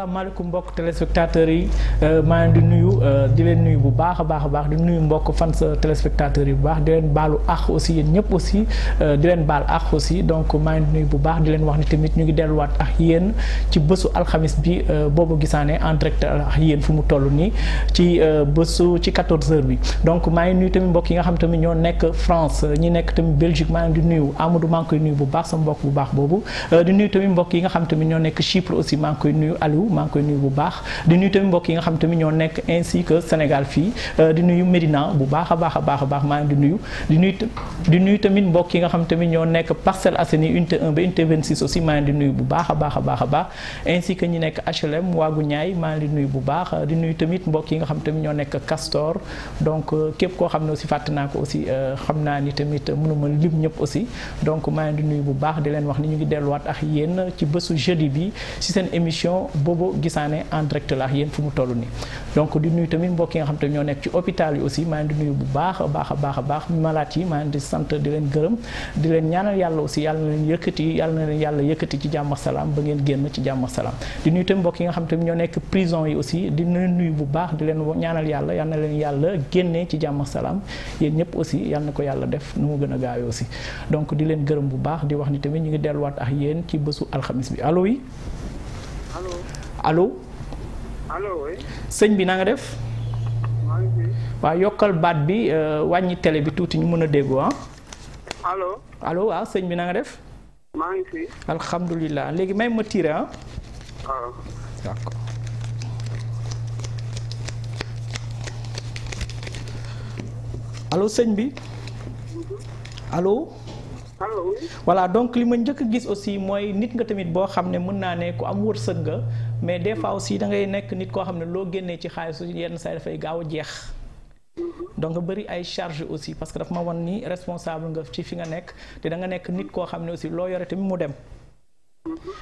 asalaamaaleykum mbokk téléspectateurs yi euh, maa ngi euh, di nuyu di len nuyu bu baax a baax di nuyu mbokk fans sa euh, téléspectateurs yi bu baax di len balu àq aussi yéen ñëpp aussi di len bal àq aussi donc maa ngi di nuyu bu baax di len wax ni tamit ñu ngi delu wat ak yeen ci bésu alxamis bi euh boobu gisaane en direct ak yeen fu mu tollu ni ci euh bésu ci 14h bi donc maa ngi nuyu tamit mbokk yi nga xam tamit ñoo nek France ñi nek tamit Belgique maa ngi di nuyu Amadou maa koy nuyu bu baax sa mbokk bu baax euh di nuyu tamit mbokk yi nga xam tamit ñoo nek Chypre aussi maa koy nuyu Aliou maa ngi koy nuyu bu baax di nuyu tamit mbokk yi nga xam tamit ñoo nekk ainsi que Sénégal fii euh, di nuyu Medina bu baax a baax a baax a baax maa ngi di nuyu di nuyu di nuyu tamit mbokk yi nga xam tamit ñoo nekk Parcelles Assainies unité 1 ba unité 26 aussi maa ngi di nuyu bu baax a baax a baax a baax ainsi que ñi nekk HLM waagu ñaay maa ngi di nuyu bu baax di nuyu tamit mbokk yi nga xam tamit ñoo nekk Castor donc euh, képp koo xam ne aussi fàtte naa ko aussi euh, xam naa ni tamit mënuma lim ñëpp aussi donc maa ngi di nuyu bu baax di leen wax ni ñu ngi delluwaat ak yéen ci bésu jeudi bi ci seen émission boobu ko gisaane en direct la yéen fu mu toll nii donc di nuyu tamit mbokk nga xam te ñoo nekk ci hôpital yi aussi maa ngi di nuyu bu baax a baax a baax a baax malade yi maa di sant di leen gërëm di leen ñaanal yàlla aussi yàlla na yëkkati yàlla na leen yàlla yëkkati ci jàmm salaam ba ngeen génn ci jàmm salaam di nuyu tamit mbokk yi nga xam te ñoo nekk prison yi aussi di leen nuyu bu baax di leen ñaanal yàlla yàlla na leen yàlla génnee ci jàmm salaam yéen ñëpp aussi yàlla na ko yàlla def nu mu gën a gaawee aussi donc di leen gërëm bu baax di wax ni tamit ñu ngi delluwaat ak yéen ci bësu alxamis bi allo yi. allo. allo sëñ bi na def. waaw yokkal baat bi euh, wàññi télé bi tuuti ñu mën a déggoo ah. allo. allo waaw sëñ bi na def. maa ngi fi. léegi may ma tiire ah. waaw. sëñ bi. allo. Mhm. allo. donc li ma njëkk gis aussi mooy nit nga tamit boo xam ne mën naa ne ku am wërsëg nga. mais des fois aussi da nekk nit koo xam ne loo génnee ci xaalis yenn saa dafay gaaw a jeex donc bëri ay charge aussi parce que dafa ma wan ni responsable nga ci fi nga nekk te danga nekk nit koo xam ne aussi loo yore tamit mu dem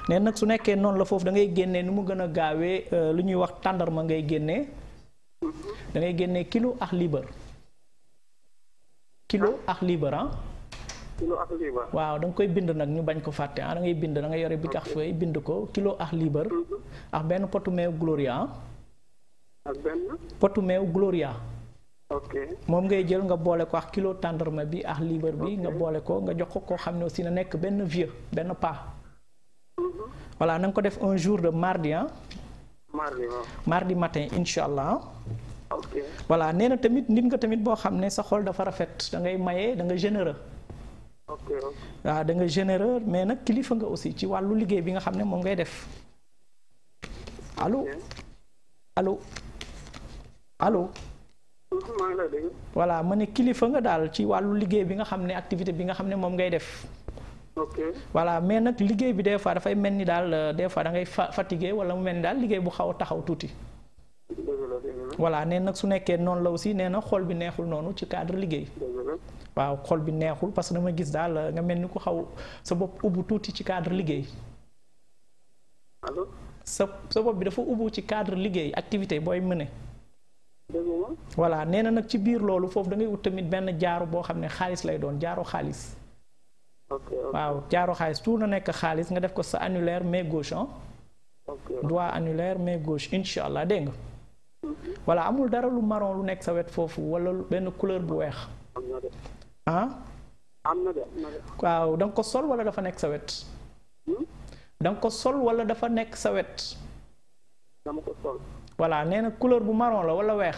neen nag su nekkee noonu la foofu da ngay génnee nu mu gën a gaawee euh, lu ñuy wax tàndarma ngay génnee da ngay génnee kilo ak liibar kilo ak liibar ah. kilo ak liibar waaw da nga koy bind nag ñu bañ ko fàtte ah da ngay bind da yore bi tax bind ko kilo ak liibar ak benn potu meew gloria ak benn potu meew gloria ok mom ngay jël nga boole ko ak kilo tàndarma bi ak liibar bi nga boole ko nga jox ko koo xam ne aussi na nekk benn vieux benn mhm. voilà ko def un jour de mardi ah mardi mardi matin inshallah, allah voilà nee na tamit nit nga tamit boo xam ne sa xol dafa rafet da ngay maye da nga généreux waaw ah, da nga généreux mais nag kilifa nga aussi ci wàllu liggéey bi nga xam ne moom ngay def allo alo alo voilà ma ne kilifa nga daal ci wàllu liggéey bi nga xam ne activité bi nga xam ne moom ngay def voilà mais nag liggéey bi des fois dafay mel ni daal euh, des fois da ngay fatigué wala mu mel ni daal liggéey bu xaw a taxaw tuuti voilà nee nag su nekkee noonu la aussi nee na xool bi neexul noonu ci cadre liggéey waaw xol bi neexul parce que dama gis daal nga mel ni ko xaw sa bopp ubbu tuuti ci cadre liggéey. allo sa sa bopp bi dafa ubbu ci cadre liggéey activité booy mëne. voilà nee na nag ci biir loolu foofu dangay ngay ut tamit benn jaaru boo xam ne xaalis lay doon jaaro xaalis. waaw jaaro xaalis tout na nekk xaalis nga def ko sa annulaire main gauche ah. doigt annulaire main gauche incha allah dégg nga. Mhm. amul dara lu maron lu nekk sa wet foofu wala benn couleur bu weex. ah. am na de waaw danga ko sol wala dafa nekk sa wet. Hmm? da nga ko sol wala dafa nekk sa wet. dama ko nee na couleur bu marron la wala weex.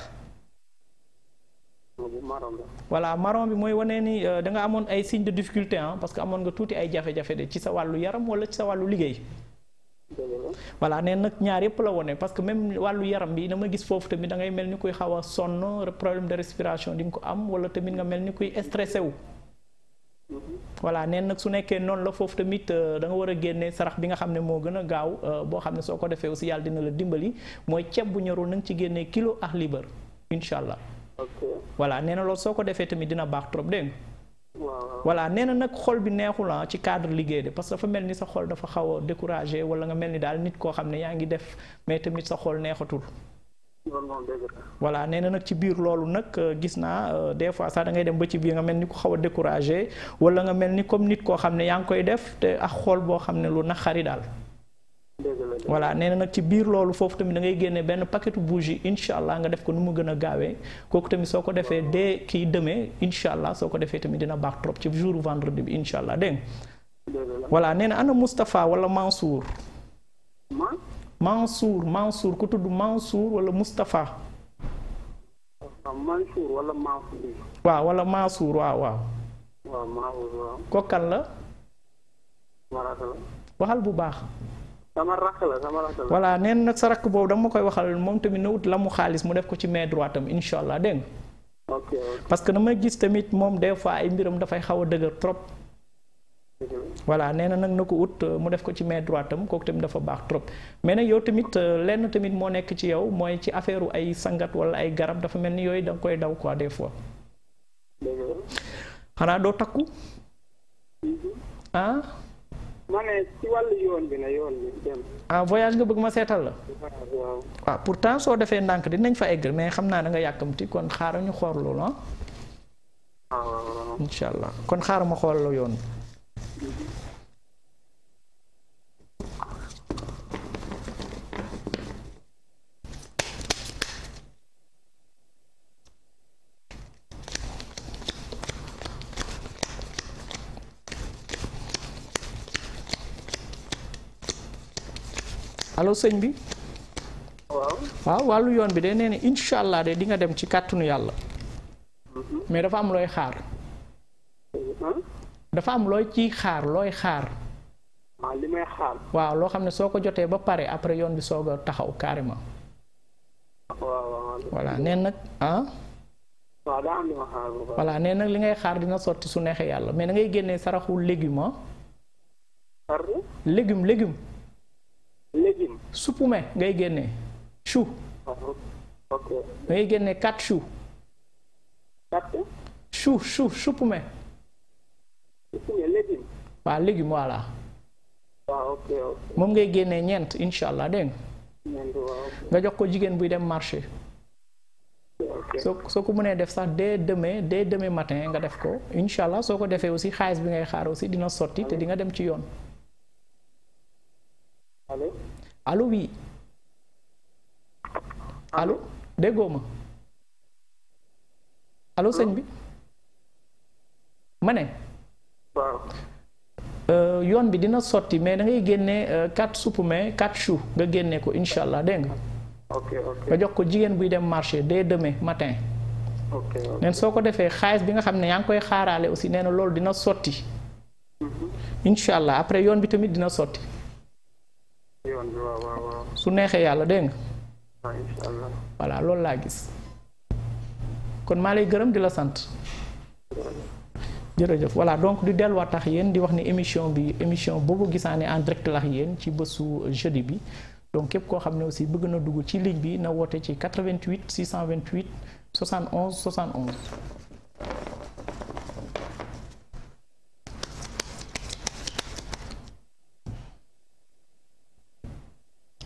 voilà marron bi mooy wane ni euh, da amoon ay signe de difficulté ah parce que amoon nga tuuti ay jafe-jafe de ci sa wàllu yaram wala ci sa wàllu liggéey. voilà neen nag ñaar yëpp la wone parce que même wàllu yaram bi dama gis foofu tamit dangay mel ni kuy xaw a sonn problème de respiration di nga ko am wala tamit nga mel ni kuy stressé wu. neen nag su nekkee noonu la foofu tamit euh, da nga war a génne sarax bi nga xam ne moo gën a gaaw euh, boo xam ne soo ko defee aussi yàlla dina la dimbali mooy ceeb bu ñorul na nga ci génnee kilo ak libar incha allah. voilà nee na loolu soo ko defee tamit dina baax trop dégg voilà nee na nag xol bi neexul ah, ci cadre liggéey de parce que dafa mel ni sa xol dafa xaw a découragé wala nga mel ni daal nit koo xam ne yaa ngi def mais tamit sa xol neexatul. voilà nee na nag ci biir loolu nag euh, gis naa euh, des fois sax da ngay dem ba ci biir nga mel ni ku xaw a découragé wala nga mel ni comme nit koo xam ne yaa ngi koy def te ak xool boo xam ne lu naqari daal. voilà nee nag ci biir loolu foofu tamit dangay ngay génne benn paquetu bougie incha allah nga def ko nu mu gën a gaawee kooku tamit soo ko defee dès kii demee incha allah soo ko defee tamit dina baax trop ci jour vendredi bi incha allah dégg nga voilà nee na ana Moustapha wala Mansour. Mansour Mansour ku tudd Mansour wala Moustapha. wala Mansour. waaw wala Mansour waaw waaw. waaw la. waxal bu baax. sama rakk la sama rakk nag sa rakk boobu dama ma koy waxal moom tamit na wut la mu xaalis mu def ko ci main droite am incha allah dégg parce que dama gis tamit moom des fois ay mbiram dafay xaw a dëgër trop. nee na nag na ko ut euh, mu def ko ci main droite am tamit dafa baax trop mais na yow tamit euh, lenn tamit moo nekk ci yow mooy ci affaire ay sangat wala ay garab dafa mel ni yooyu da koy daw quoi des fois. xanaa doo takku. Mhm. Ah? ma ne ci wàllu yoon bi la yoon bi ah voyage nga bëgg ma seetal la. waaw waaw ah, pourtant soo defee ndànk dinañ fa egg mais xam naa da nga yàkkamti kon xaaral ñu xool la ah. ah allah kon xaaral ma xool la yoon allo sëñ bi. waaw waaw wàllu yoon bi de nee na incha allah de di nga dem ci kàttanu yàlla. Mm-hmm. mais dafa am looy xaar. Mm-hmm. dafa am looy ciy xaar looy xaar. waaw li may xaar. waaw loo xam ne soo ko jotee ba pare après yoon bi soog a taxaw carrément. voilà neen nag ah. waaw daa am neen nag li ngay xaar dina sotti su neexee yàlla mais da ngay génnee saraxul légume ah. légume légumes. ngay génne chou. Ah, ok génne quatre chou. quatre. chou chou suppume. suppume légumes. waaw légumes ah, moom ngay génne ñeent incha allah dégg nga. nga jox ko jigéen buy dem marché. soo soo ko mënee def sax dès demain dès deme matin nga def ko incha allah soo ko defee aussi xaalis bi ngay xaar aussi dina sotti te di nga dem ci yoon. alo allo oui allo déggoo ma allo sëñ bi ma ne. Euh, yoon bi dina sotti mais da ngay génne euh, quatre soupe mais quatre choux nga génne ko incha allah dégg nga. ok jox ko jigéen buy dem marché dès demain matin. neen soo ko defee xaalis bi nga xam ne yaa ngi koy xaaraale aussi nee na loolu dina sotti. Mhm. incha allah après yoon bi tamit dina sotti. su neexee yàlla dégg nga ah, voilà loolu laa gis kon maa lay gërëm di la sant jërëjëf voilà donc di delluwaat tax yéen di wax ni émission bi émission boobu gisaane en direct lax yéen ci bésu jeudi bi donc képp koo xam ne aussi bëgg na dugg ci ligne bi na woote ci 88 628 71 71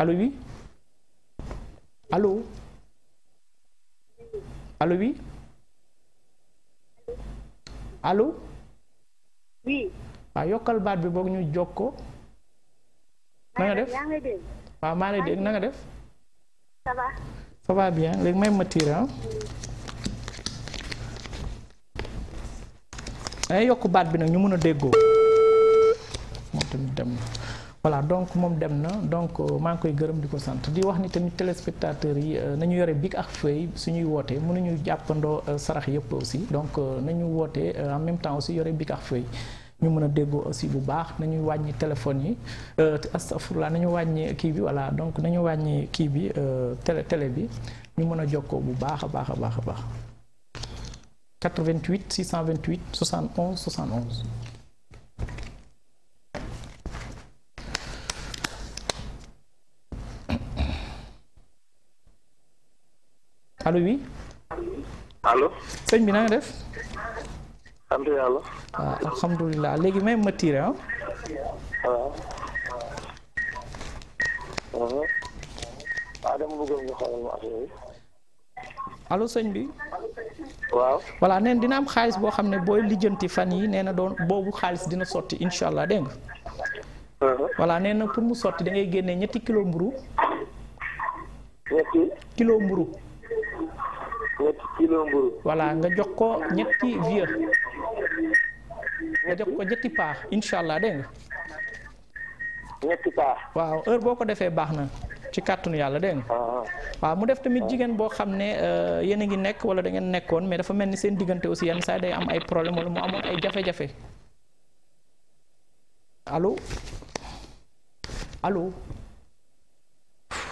alo oui allo alo oui alo oui. waaw ah, yokkal baat bi boog ñu jokko. na nga def waaw maa ngi dégg na def. ça va. bien léegi may ma tiir eh, yokk baat bi nag ñu mën a déggoo. voilà donc mon dem na donc euh, maa koy gërëm di vous di wax ni tamit téléspectateurs yi euh, nañu yoré bik ak nous suñuy mënu ñu jappando euh, sarax yépp aussi donc nañu woté en même temps aussi yoré bik ak feuy ñu mëna Nous aussi bu baax nañuy wañi téléphone yi nañu wañi ki bi voilà donc nañu wañi ki bi télé télé bi ñu bu 88 628 71 71 allo oui allo señ bi na nga def sant yàlla waaw may ma tiire ah waaw ah. ah, waaw dama bëggoon ma affaire yi allo señ bi waaw wala neen dina am xaliss bo xam boy booy fan yi nee na doon boobu xaalis dina sorti inshallah deng wala nga uh-huh. pour mu sorti da ngay génne ñetti kilo mburu ñetti kilo mburu kilo mburu voilà nga jox ko ñetti vieux nga jox ko ñetti paax inshallah dégg ñetti paax waaw heure boo ko defee ci kàttanu yàlla dégg ah, ah. waaw mu def tamit ah. jigéen boo xam ne euh, yéen ngi nekk wala da ngeen nekkoon mais dafa mel seen diggante aussi yenn saa day am ay problème wala mu ay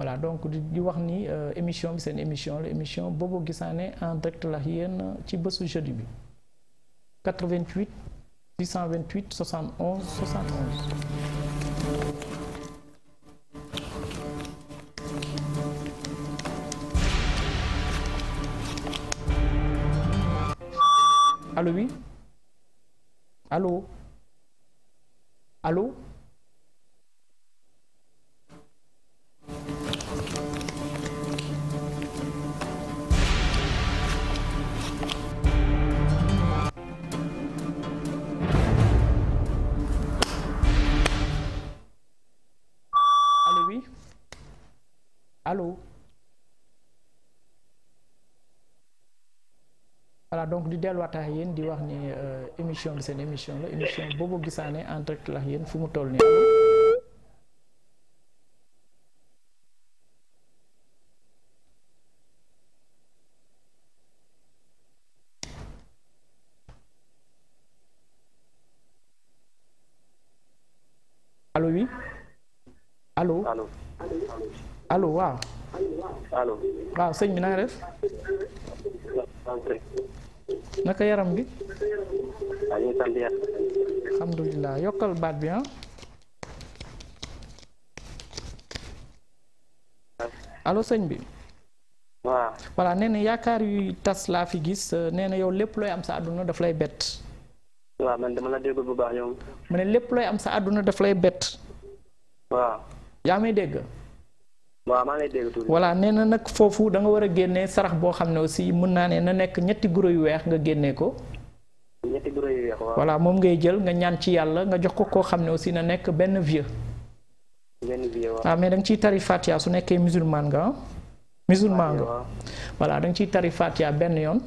voilà donc di di wax euh, émission bi une émission l'émission Bobo Gisane en direct la hienne. ci jeudi 88 628 71 71. Allô, oui Allô Allô Allô voilà donc di delluwaat ak di wax ni euh, émission de cette émission là émission Bobo gisaane en direct la fumu oui Allô Allô. allo wa, allo wa señ bi na nga def. naka yaram bi. waaw ñu sant yàlla. alhamdulilah baat bi han allo señ bi. wa wala nene yakar yu yuy tas fi gis nene yow lepp loy am sa aduna daf lay bet wa man dama la deg bu baax yow mané lepp loy am sa aduna daf lay bet wa, ya may deg Wala, maa ngi lay dégg tuuti voilà nee na nag foofu da nga war a sarax boo xam ne aussi mën naa ne na nekk ñetti guro yu nga génne ko. ñetti guro yu weex waaw. ngay jël nga ñaan ci yàlla nga jox ko koo xam aussi na nekk benn vieux. benn vieux waaw. Ah, mais da nga ciy tari Fatiha su nekkee musulman nga ah. musulman nga voilà da nga ciy tari Fatiha benn yoon.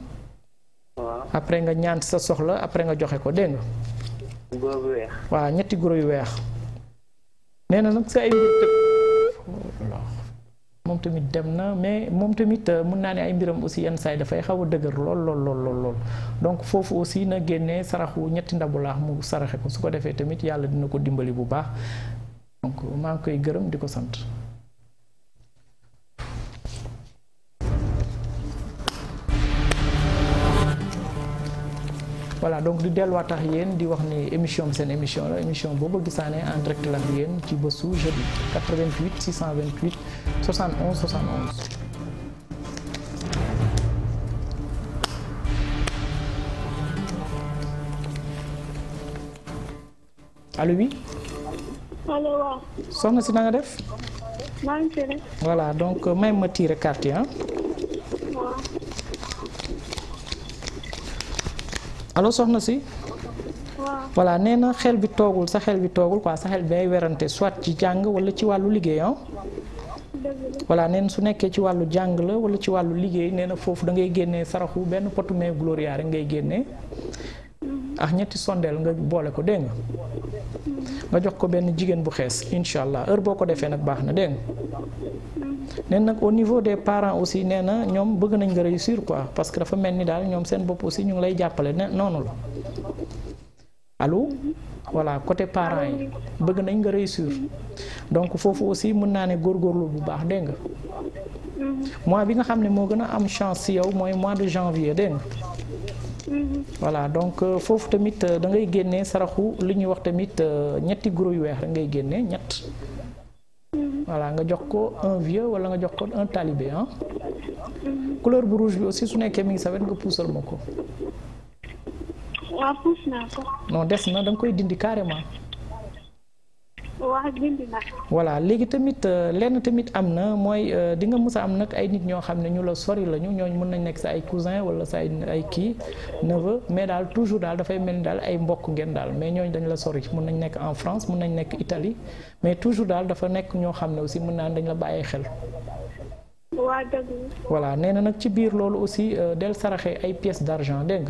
waaw après nga ñaan sa soxla après nga joxe ko deng nga. guro yu ñetti sa ay moom tamit dem na mais moom tamit euh, mun naa ne ay mbiram aussi yenn saay dafay xaw a dëgër lool lool lool lool donc foofu aussi na génnee saraxu ñetti ndabu laax mu saraxe ko su ko defee tamit yàlla dina ko dimbali bu baax donc maa ngi koy gërëm di ko sant. voilà donc di delluwaat tax yéen di wax émission c'est une émission là émission Bobo en direct la rien, qui bosse jeudi 88 628 71 71. allo oui. allo oui. Sonne c'est dans nga def. voilà donc euh, même ma tiire carte hein allo soxna si. voilà nee na xel bi toogul sa xel bi toogul quoi sa xel bi ay werante soit ci jàng wala ci wàllu liggéey ah. voilà neen su nekkee ci wàllu jàng la wala ci wàllu liggéey nee na foofu da ngay génnee saraxu benn potu meew rek ngay génnee mm-hmm. ak ñetti sondeel nga boole ko dégg nga mm-hmm. nga jox ko benn jigéen bu xees incha allah heure boo ko defee nag baax na dégg neen nag au niveau des parent aussi nee na ñoom bëgg nañ nga réussir quoi parce que dafa mel ni daal ñoom seen bopp aussi ñu ngi lay jàppale ne noonu la allo voilà côté parent yi bëgg nañ nga réussir donc foofu aussi mën naa ne góorgóorlu bu baax dégg mm-hmm. mois bi nga xam ne moo gën a am chance si yow mooy mois de janvier dégg nga mm-hmm. donc euh, foofu tamit euh, da ngay génnee saraxu li ñuy wax tamit euh, ñetti guro yu weex rek ngay génnee ñett voilà nga jox ko un vieux wala nga jox ko un talibé hein. couleur bu rouge bi aussi su nekkee mi ngi que wet nga moko. ma ko. waaw puus ko. non des na dang koy dindi carrément voilà légui tamit euh, lenn tamit amna moy euh, di nga musa am nak ay nit ñoo xamne ñu la sori lañu ñoo mën nañ nek sa ay cousin wala sa ay ki neveu mais dal toujours da fay mel dal ay mbokk ngeen dal mais ñoo dañ la sori mën nañ nek en France mën nañ nek Italie mais toujours daal dafa nekk ñoo xam ne aussi mën naa dañ la baye xel. voilà néna nak ci biir lolu aussi euh, del saraxé ay pièces d'argent dégg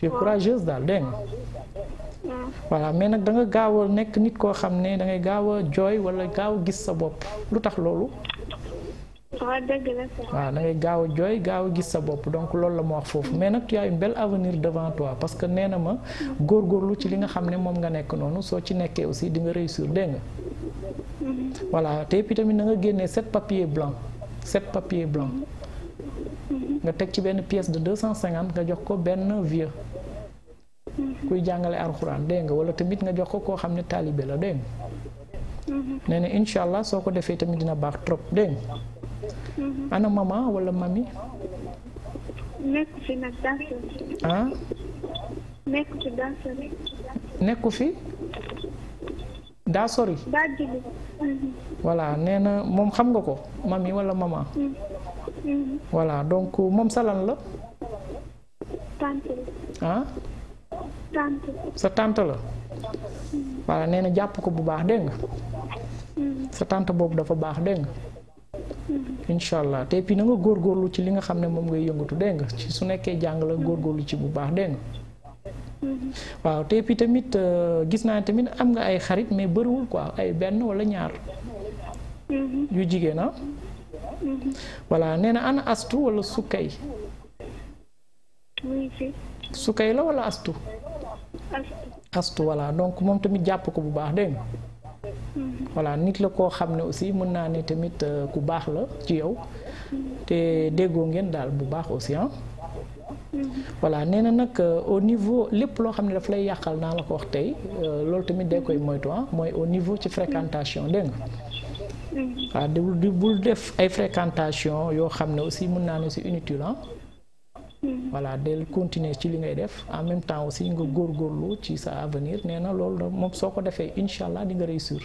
tu es courageuse daal dégg nga mais nag da nga gaaw nekk nit koo xam ne da ngay gaaw a jooy wala gaaw a gis sa bopp lu tax loolu. waaw dangay la gaaw a jooy gaaw a gis sa bopp donc loolu la ma wax foofu mais nag y a une belle avenir devant toi parce que nee na ma góorgóorlu ci li nga xam ne moom nga nekk noonu soo ci nekkee aussi di nga réussir dégg nga. Mm-hmm. te puis tamit na nga génnee sept papier blanc sept papier blanc mm-hmm. nga teg ci benn pièce de deux cent cinquante nga jox ko benn vieux. kuy jàngale alxuraan dégg nga wala tamit nga jox ko koo xam ne taalibe la dégg nga mhm. nee na incha allah soo ko defee tamit dina baax trop dégg nga mhm. ana mama wala mami nekk fi ah? nekku fi daa sori mhm. voilà nee na moom xam nga ko mami wala mama voilà donc moom salan la ah sa tànt la voilà nee na jàpp ko bu baax dégg mm. sa tànt boobu dafa baax dégg nga mm. incha allah te puis na nga góorlu ci li nga xam ne moom ngay yëngatu dégg nga ci su nekkee jàng la góorgóorlu ci bu baax dégg mm-hmm. waaw te puis tamit euh, gis naa tamit am nga ay xarit mais bariwul ko ay benn walla ñaar mm-hmm. yu jigéen ah voilà mm-hmm. nee na ana astu wala sukkay sukay la wala astu astu voilà donc moom tamit jàpp ko bu baax dégg nga mm-hmm. voilà nit la koo xam ne aussi mën naa ne tamit euh, ku baax la ci yow te déggoo ngeen daal bu baax aussi ah mm-hmm. voilà nee na nag euh, au niveau lépp loo xam ne daf lay yàqal naa la ko wax tey euh, loolu tamit day koy moytu ah mooy au niveau ci fréquentation dégg nga mm-hmm. waaw di bul def ay fréquentation yoo xam ne aussi mën naa ne si inutile ah. voilà del continuer ci li ngay def en même temps aussi nga góor góorgóorlu ci sa avenir nee na loolu moom soo ko defee incha allah di nga réussir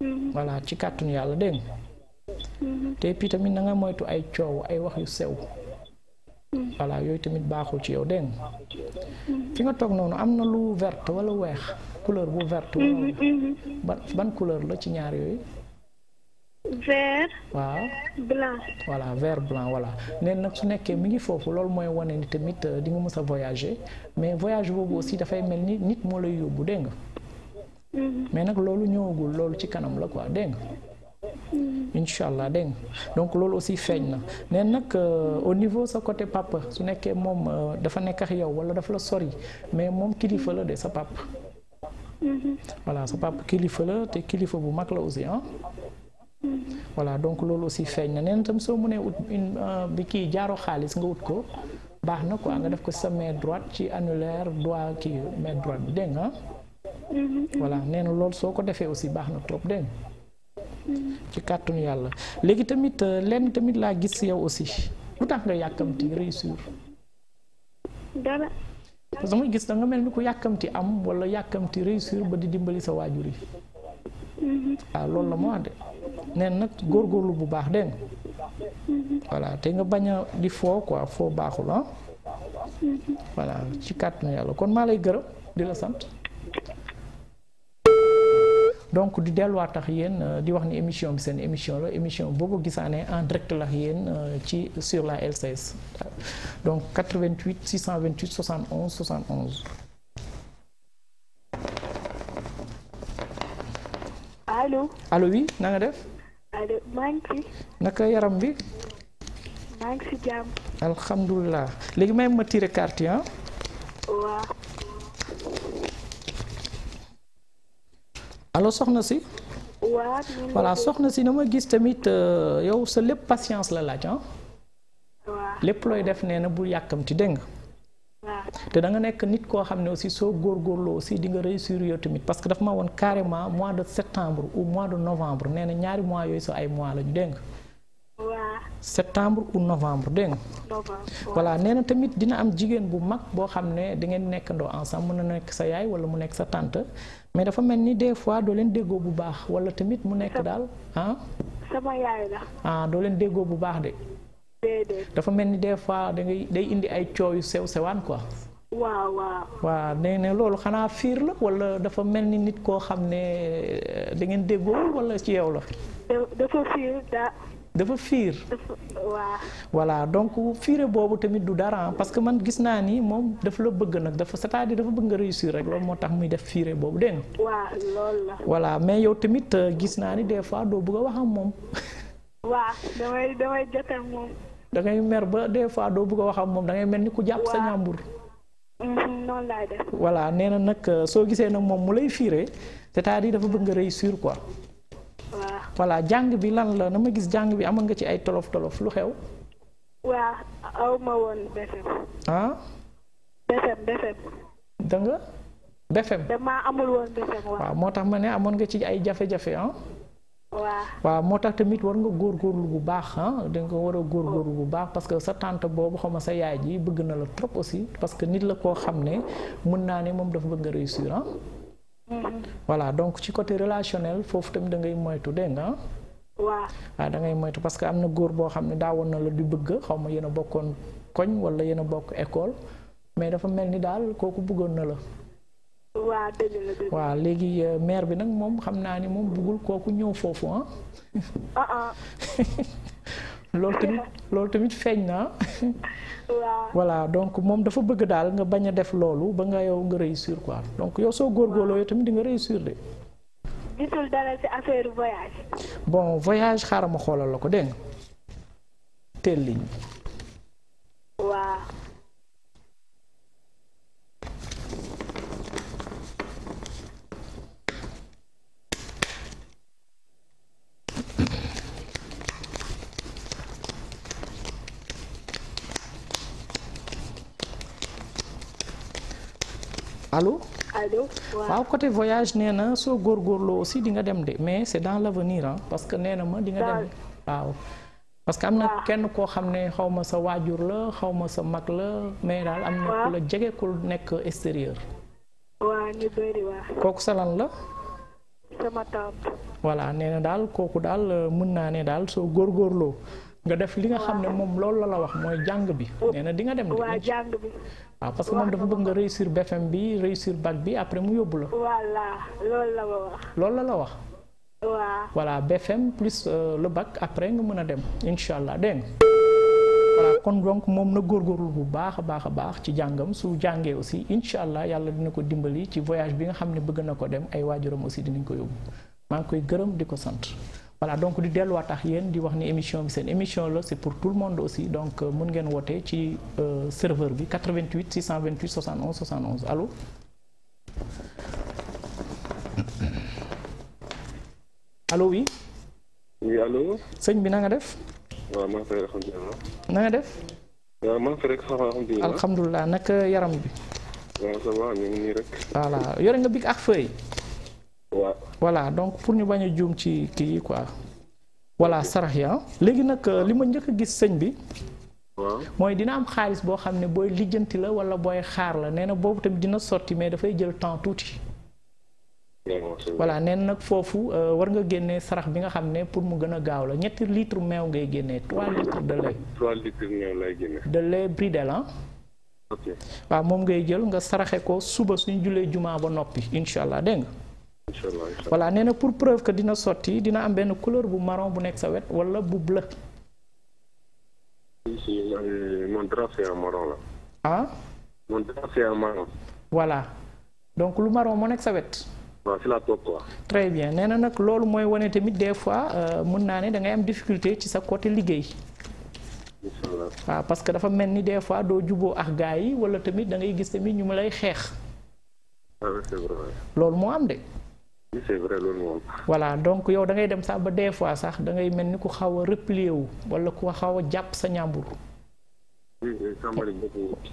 mm-hmm. voilà ci kàttanu yàlla dégg nga mm-hmm. te puis tamit na nga moytu ay coow ay wax yu sew mm-hmm. voilà yooyu tamit baaxul ci yow dégg fi nga toog noonu am na lu verte walla weex couleur bu verte wala ban couleur la ci ñaar yooyu vert. blanc. voilà vert blanc voilà nee nak su nekkee mi ngi foofu loolu mooy wane ni tamit euh, di nga mës voyager mais voyage bobu aussi da fay ni nit mo lay yobbu dégg nga. Mm-hmm. mais nag loolu ñëwagul lolou ci kanam la quoi dégg inshallah mm-hmm. incha donc lolou aussi feeñ na nee nak euh, au niveau sa côté papa su mom euh, da fa nek ak yow wala fa la sori mais mom kilifa la de sa papa. Mm-hmm. voilà sa papa kilifa la té kilifa bu mak la aussi hein. voilà donc loolu aussi feeñ na neen tam soo mënee ut une euh, bi kii jaaroo xaalis nga ut ko baax na ko quoi nga def ko sa main droite ci annulaire doigt kii main droite bi dégg nga mm-hmm. voilà nee na loolu soo ko defee aussi baax na trop dégg ci kàttanu yàlla léegi tamit euh, lenn tamit laa gis si yow aussi lu tax nga yàkkamti réussir. dara. parce que muy gis danga mel ni ku yàkkamti am walla yàkkamti réussir ba di dimbali sa waajur yi. waaw mm-hmm. ah, loolu la mu wax de neen nag góorgóorlu bu baax de nga mm-hmm. voilà te nga bañ di foo quoi foo baaxul ah mm-hmm. voilà ci kàttanu yàlla kon maa lay gërëm di la sant donc di delluwaat tax yéen euh, di wax ni émission bi seen émission la émission boobu gisaane en direct la yéen euh, ci sur la LCS donc 88 628 71 71 alo allo oui na def. allo maa naka yaram bi. maa ngi ci jàmm. léegi may ma tiré carte yi ah? soxna si. waaw soxna si na ma gis tamit euh, yow sa lépp patience la laaj ah? lépp looy def nee na bu yàkkamti dégg nga. te da nga nekk nit koo xam ne aussi soo góorgóorloo aussi di nga réussir yow tamit parce que dafa ma woon carrément mois de septembre ou mois de novembre nee na ñaari mois yooyu sa ay mois la ñu dégg septembre ou novembre dégg nga voilà nee na tamit dina am jigéen bu mag boo xam ne da ngeen nekkandoo ensemble mën na nekk sa yaay wala mu nekk sa tante mais dafa mel ni des fois doo leen déggoo bu baax wala tamit mu nekk daal ah. sama ah doo leen déggoo bu baax de. dafa mel ni des fois da ngay day indi ay coow yu sew sewaan quoi. waa waa waa nee ne loolu xanaa fiir la wala dafa mel ni nit koo xam ne eh, da ngeen déggoo wala ci yow la. dafa fiir dafa fiir. waa voilà donc fiire boobu tamit du dara parce que man gis naa ni moom daf la bëgg nag dafa cest à dafa bëgg nga réussir rek loolu moo tax muy def fiire boobu dégg nga. waaw loolu la. voilà mais yow tamit euh, gis naa ni des fois doo bëgg a wax moom. waaw damay damay jot moom. dangay ngay mer ba des fois doo bëgg a wax ak moom dangay mel ni ku jàpp sa ñàmbur. Mm-hmm, noonu laay nee na nag euh, soo gisee nag moom mu lay fiire cest à dafa bëgg nga réussir quoi. waaw voilà jàng bi lan la na ma gis jàng bi amoon nga ci ay tolof tolof lu xew. waaw aw woon BFEM. ah. BFEM BFEM. damaa amul woon BFEM waaw. moo tax ma ne amoon nga ci ay jafe-jafe ah? waaw moo tax tamit war nga góor góorgóorlu bu baax ah da nga war a góor góorgóorlu bu baax parce que sa tante boobu xaw ma sa yaay ji bëgg na la trop aussi parce que nit la koo xam ne mën naa ne moom dafa bëgg a réussir ah. Mm-hmm. voilà donc ci côté relationnel foofu tamit da ngay moytu de nga ah. waaw ah, da ngay moytu parce que am na góor boo xam ne daa daawoon na la di bëgg xaw ma yéen a bokkoon koñ wala yéen a bokk école mais dafa mel ni daal kooku bëggoon na la. waaw léegi euh, maire bi nag moom xam naa ni moom bëggul kooku ñëw foofu ah. ah, ah. loolu tamit loolu tamit feeñ na voilà donc moom dafa bëgg daal nga bañ a def loolu ba nga yow nga réussir quoi donc yow soo góorgóorloo yow tamit di nga réussir de. gisul dara ci affaire voyage. bon voyage xaaral ma xoolal la ko dégg nga. teel allo. allo waaw côté voyage nee na soo góorgóorloo aussi di nga dem de mais c' est dans l' avenir parce que nee na ma di nga dem waaw. parce que am na kenn koo xam ne xawma sa waajur la xaw ma sa mag la mais daal am na ku la jege ku nekk extérieur. kooku sa lan la. sama tante. voilà nee na daal kooku daal euh, mën naa ne daal soo góorgóorloo. nga def li nga ah, xamne mom moom loolu la la wax moy jang bi neena di nga dem wa jang bi waaw ah, parce que mom dafa bëgg nga réussir BFM bi réussir bac bi après mu yobul voilà loolu la wax loolu la la wax wa voilà BFM plus euh, le bac après nga mëna dem inshallah allah kon donc mom na gor gorul bu baax baax baax ci jangam su jangé aussi inshallah yalla dina ko dimbali ci voyage bi nga xam bëgg na ko dem ay wajuram aussi dinañ ko yobbu mang koy gëreum diko sante voilà donc di delluwaat tax du di wax ni émission c'est une émission là, c'est pour tout le monde aussi donc euh, mun ngeen woote ci euh, serveur 88 628 71 71 allô Allô oui. oui allô sëñ bi na nga def. waaw maa ngi fay alhamdulilah. na nga def. waaw maa ngi fay rek alhamdulilah. alhamdulilah naka yaram bi. ñu ngi rek. voilà nga big ak feuille. waaw voilà donc pour ñu bañ a juum ci kii yi quoi. voilà sarax ya ah. léegi nag euh, li ma njëkk a gis sëñ bi. mooy dina am xaalis boo xam ne booy lijjanti la wala booy xaar la nee na boobu tamit dina sotti mais dafay jël temps tuuti. voilà neen nag foofu euh, war nga génne sarax bi nga xam ne pour mu gën a gaaw la ñetti litre meew ngay génnee trois litres de lait. trois litres génne. de lait bridel ah. waaw moom ngay jël nga saraxe ko suba suñu julee jumaa ba noppi incha allah dégg nga wala nee pour preuve que dina sorti dina am ben couleur bu marron bu nek sa wet wala bu bleu. mon drap c'est marron là ah. mon drap c'est marron. voilà donc lu marron mo nek sa wet. waaw si la toog quoi. très bien nee nak lolu moy woné tamit des fois euh, mën na né da ngay am difficulté ci sa côté liguey waaw ah, parce que dafa melni des fois do djubo ak gaay wala tamit da ngay gis tamit ñu lay xex lolu mo am de. c'est voilà donc yow dangay dem sax ba des fois sax da ngay mel ni ku xaw a replier wu wala ku xaw a jàpp sa ñàmbur.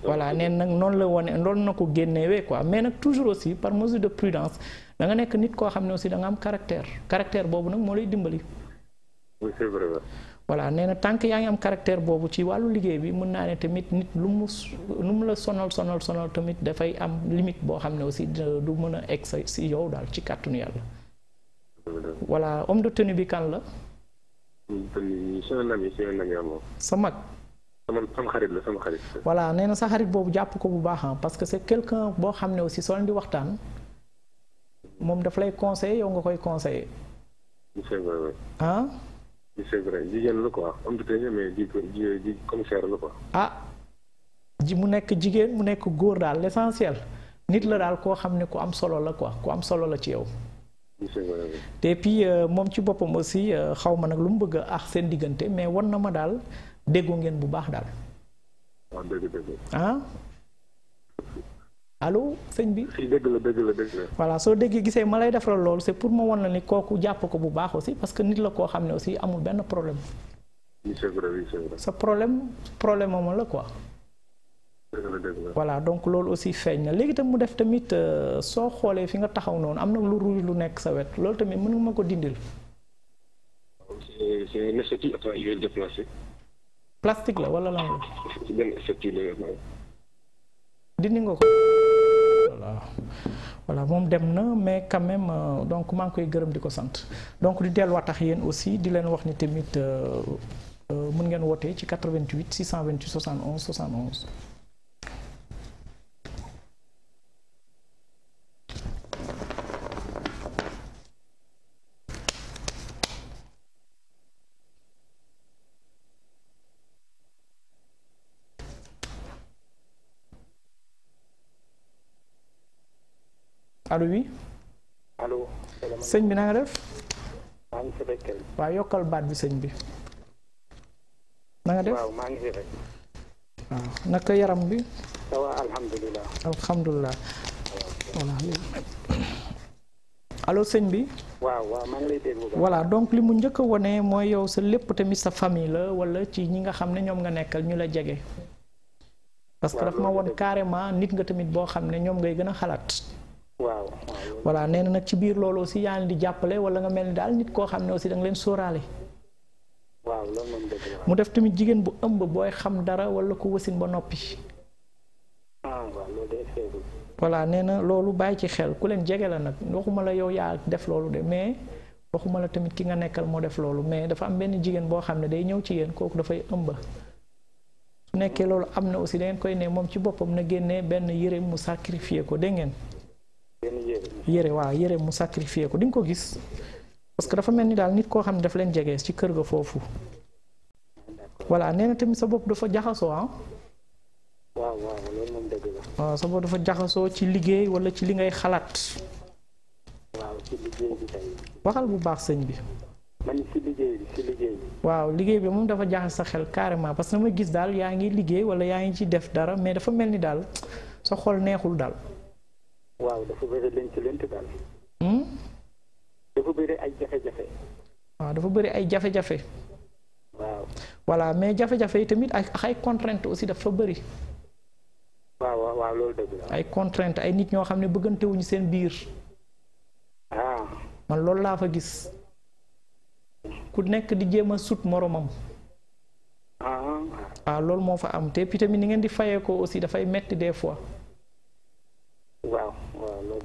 voilà neen nag noonu la wane loolu na ko génnewee koi mais nag toujours aussi par mesure de prudence da nga nekk nit koo xam ne aussi da nga am caractère caractère boobu nag moo lay dimbali. voilà nee na tant yaa ngi am caractère boobu ci wàllu liggéey bi mën naa ne tamit nit lu mu lu mu la sonal sonal sonal tamit dafay am limite boo xam ne aussi du mën a egg sa si yow daal ci kàttanu yàlla. de tenue bi kan sama xarit nee na sa xarit boobu jàpp ko bu baax ah, parce que c'est quelqu'un boo xam ne aussi soo leen di waxtaan moom daf lay conseiller yow nga koy conseiller. c'est vrai jigéen la ko am mais ji ji la quoi. ah mu nekk jigéen mu nekk góor daal l'essentiel nit la daal koo xam ne ku am solo la ko ku am solo la ci yow. te puis euh, moom ci boppam aussi euh, xaw ma nag lu mu bëgg a ax seen diggante mais wan na ma daal déggoo ngeen bu baax daal. ah. ah? allo sëñ bi. si dëgg la deug la deug la. voilà soo déggee gisee ma lay defaral loolu c'est pour mo won la ni koku japp ko bu bax aussi parce que nit la ko xam aussi amul ben problème. oui c'est vrai oui c'est vrai. sa problème problème amul la quoi. voilà donc loolu aussi feeñ na léegi tam mu def tamit euh, so xolé fi nga taxaw non amna lu ruuj lu nek sa wet loolu tamit mën nga ma ko dindil. c'est un plastique la wala lan la. voilà voilà moom dem mais quand même euh, donc maa koy gërëm diko sante donc di delluwaat tax aussi di len wax ni tamit euh, euh, mën ngeen woté ci 88 628 71 71. allo oui. allo. sëñ bi na nga def. maa ngi si waaw yokkal baat bi sëñ bi. na nga def waaw maa ngi si waaw naka yaram bi. ça va alhamdulilah. alhamdulilah. voilà. allo sëñ bi. waaw waaw maa ngi lay déglu. voilà donc li mu njëkk a wone mooy yow sa lépp tamit sa famille la wala ci ñi nga xam ne ñoom nga nekkal ñu la jege. parce que daf ma won carrément nit nga tamit boo xam ne ñoom ngay gën a xalaat wala voilà nee na ci biir lolo aussi yaal di jàppale wala nga mel dal nit ko xam aussi da nga len sóoraale. waaw loolu moom dëgg la mu def tamit jigen bu ëmb boy xam dara wala ko wasin ba nopi wala ah, waaw loolu bay nee na ci xel ku len jege la nak waxuma la yow yaal def loolu dé mais waxuma la tamit ki nga nekkal mo def loolu mais dafa am benn jigen bo xam day ñew ci koku da fay ëmb. su nekké loolu amna aussi da ngeen koy né mom ci bopam na génné benn yéré mu sacrifier ko dé ngeen. yére waaw yére mu sacrifié ko di ko gis parce que dafa mel ni daal nit koo xam ne dafa leen jege ci kër ga foofu voilà nee na tamit sa bopp dafa jaxasoo ah. dafa jaxasoo ci liggéey wala ci li ngay xalaat. waaw waxal bu baax sëñ bi. waaw liggéey bi moom dafa jaxas sa xel carrément parce que gis daal yaa ngi liggéey wala yaa ngi ci def dara mais dafa mel ni daal sa xol neexul daal. waaw dafa bëri lënt lënt daal. Hmm? dafa ay jafe-jafe. waaw ah, dafa bëri ay jafe-jafe. waaw. mais jafe-jafe yi tamit ak ay contrainte aussi dafa bëri. waaw waaw loolu dëgg la. ay contrainte ay nit ñoo xam ne bëggantewuñu seen biir. ah. man loolu laa fa gis. ku nekk di jéem a sut moromam. Ah ah, ah. ah loolu moo fa am te puis tamit ni ngeen di fayeekoo aussi dafay metti des fois.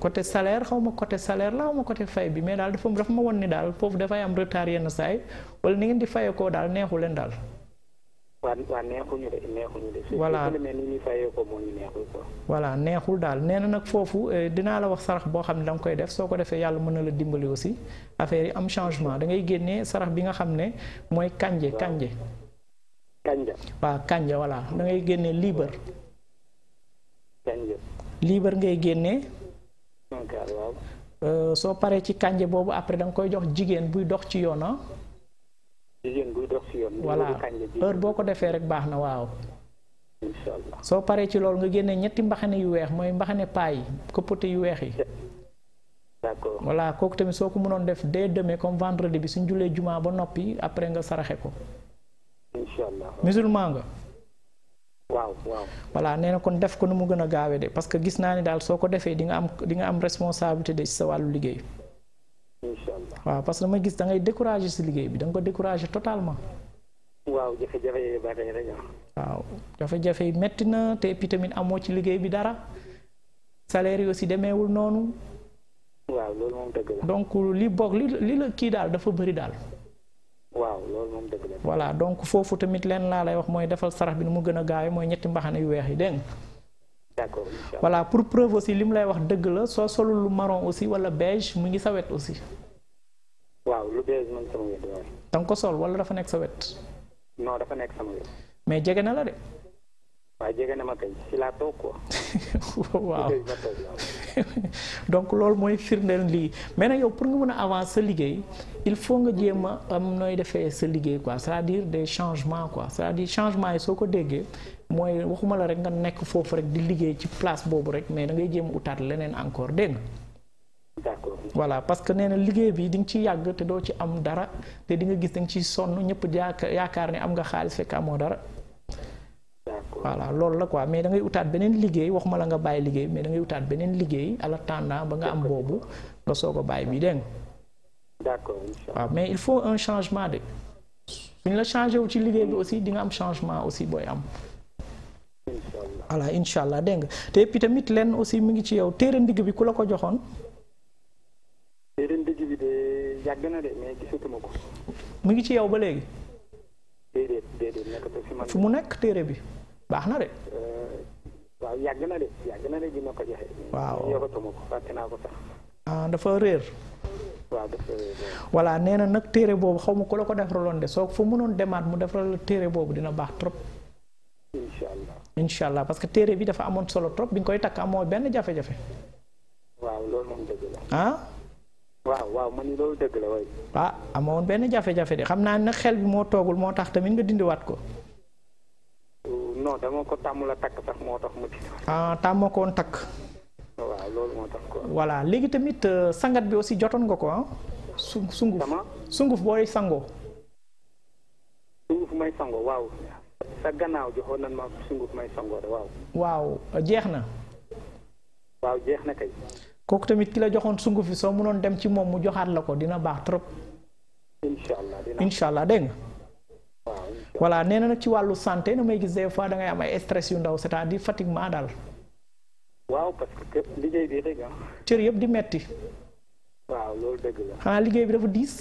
côté salaire xawma côté salaire la xawma côté fay bi mais dal dafa dafa ma won ni fofu foofu dafay am retard yenn say wala ni ngeen di fayé ko dal neexu leen daal. waaw waaw neexuñu de neexuñu de. voilà su ni ñu neexul quoi. voilà neexul daal nee na nag foofu eh, la wax sarax bo xamni dang koy def soko defé yalla mëna la dimbali aussi affaire yi am changement da ngay génnee sarax bi nga xamné moy kanjé kanjé kanjé kanja kanjé kanja voilà da ngay génnee libre kanjé libre ngay génnee. Eh, so paré ci kanjé bobu après dang koy jox jigen buy dox ci yoon ah? jigen buy dox ci yoon. wala heure boko ko rek baxna waw so paré ci lol nga génné ñetti mbaxané yu wéx moy mbaxané paa ko poté yu wéx yi. d'accord wala tamit def dès demain comme vendredi bi suñ juma jumaa ba nopi après nga saraxé ko. inshallah musulman nga. waaw waaw voilà nee na kon def ko nu mu gën a gaawee de parce que gis naa ne daal soo ko defee di nga am di nga am responsabilité de ci sa wàllu liggéey. waaw parce que ma gis da ngay découragé si liggéey bi da ko découragé totalement. waaw jafe-jafe yi metti na te puis tamit amoo ci liggéey bi dara salaire yi aussi demeewul noonu. waaw loolu moom dëgg la donc li bokk li li la kii daal dafa bëri daal. waaw loolu moom dëgg la. voilà donc foofu tamit leen laa lay wax mooy defal sarax bi nu mu gën a yi mooy ñetti mbaxane yu weex yi dégg nga. d'accord voilà pour preuve aussi li mu lay wax dëgg la soo solul lu marron aussi wala beige mu ngi sa wet aussi. waaw lu beige man sama ko sol wala dafa nekk sa wet. dafa nekk sama wet. mais jege na la de. waaw jege na ma kay si donc loolu mooy firndeel lii mais nag yow pour nga mën a avancer sa liggéey il faut nga jéem a am nooy defee sa liggéey ko c'est-à-dire des changements quoi cest dire changement yi soo ko déggee mooy waxuma la rek nga nekk foofu rek di liggéey ci place boobu rek mais dangay ngay a utaat leneen encore dégg nga. d'accord voilà parce liggéey bi di ci yàgg te doo ci am dara te di gis da nga sonn ñëpp yaakaar ne am nga xaalis fekk amoo dara. voilà loolu la quoi mais da utaat beneen liggéey waxuma la nga bàyyi liggéey mais da ngay utaat beneen liggéey à la ba nga am boobu nga soog a bàyyi bi dégg nga waaw mais il faut un changement de suñ la changé wu ci liggéey bi aussi di nga am changement aussi booy am voilà incha allah dégg nga te puis tamit lenn aussi mu ngi ci yow téere ndigg bi ku la ko joxoon ngi ci yow ba léegi fu mu nekk téere bi baax na de. Eh, waaw yàgg na de yàgg na de bi ma ko joxe. waaw yokatuma ko ah, dafa réer. waaw dafa nee na nag téere boobu xaw ma ku la ko defaraloon de soo fu mënoon demaat mu defaral la téere boobu dina baax trop. incha allah incha allah parce que téere bi dafa amoon solo trop bi nga koy takk amoo benn jafe waaw loolu moom ah? waaw waaw loolu dëgg la waay. Ah, amoon benn jafe-jafe de xam naa ne nag xel bi moo toogul moo tax tamit nga dindiwaat ko. non dama ko tàmm la takk sax moo tax mu ci. ah tàmmoo ko woon takk. waaw loolu moo tax ko voilà léegi tamit euh, sangat bi aussi jotoon nga ko ah. su sunguf sunguf booy sangoo. may sangoo waaw. sa gannaaw joxoon na ma sunguf may sangoo de waaw. waaw jeex na. waaw jeex na kay. kooku tamit ki la joxoon sunguf bi soo mënoon dem ci moom mu joxaat la ko dina baax trop. incha allah dina nga. voilà nee na nag ci wàllu santé na may gis des fois dangay am ay stress yu ndaw c'est-à-dire fatiguement daal. waaw parce que liggéey bi dëgg ah. cër yëpp di metti waaw loolu dëgg la. xanaa liggéey bi dafa diis.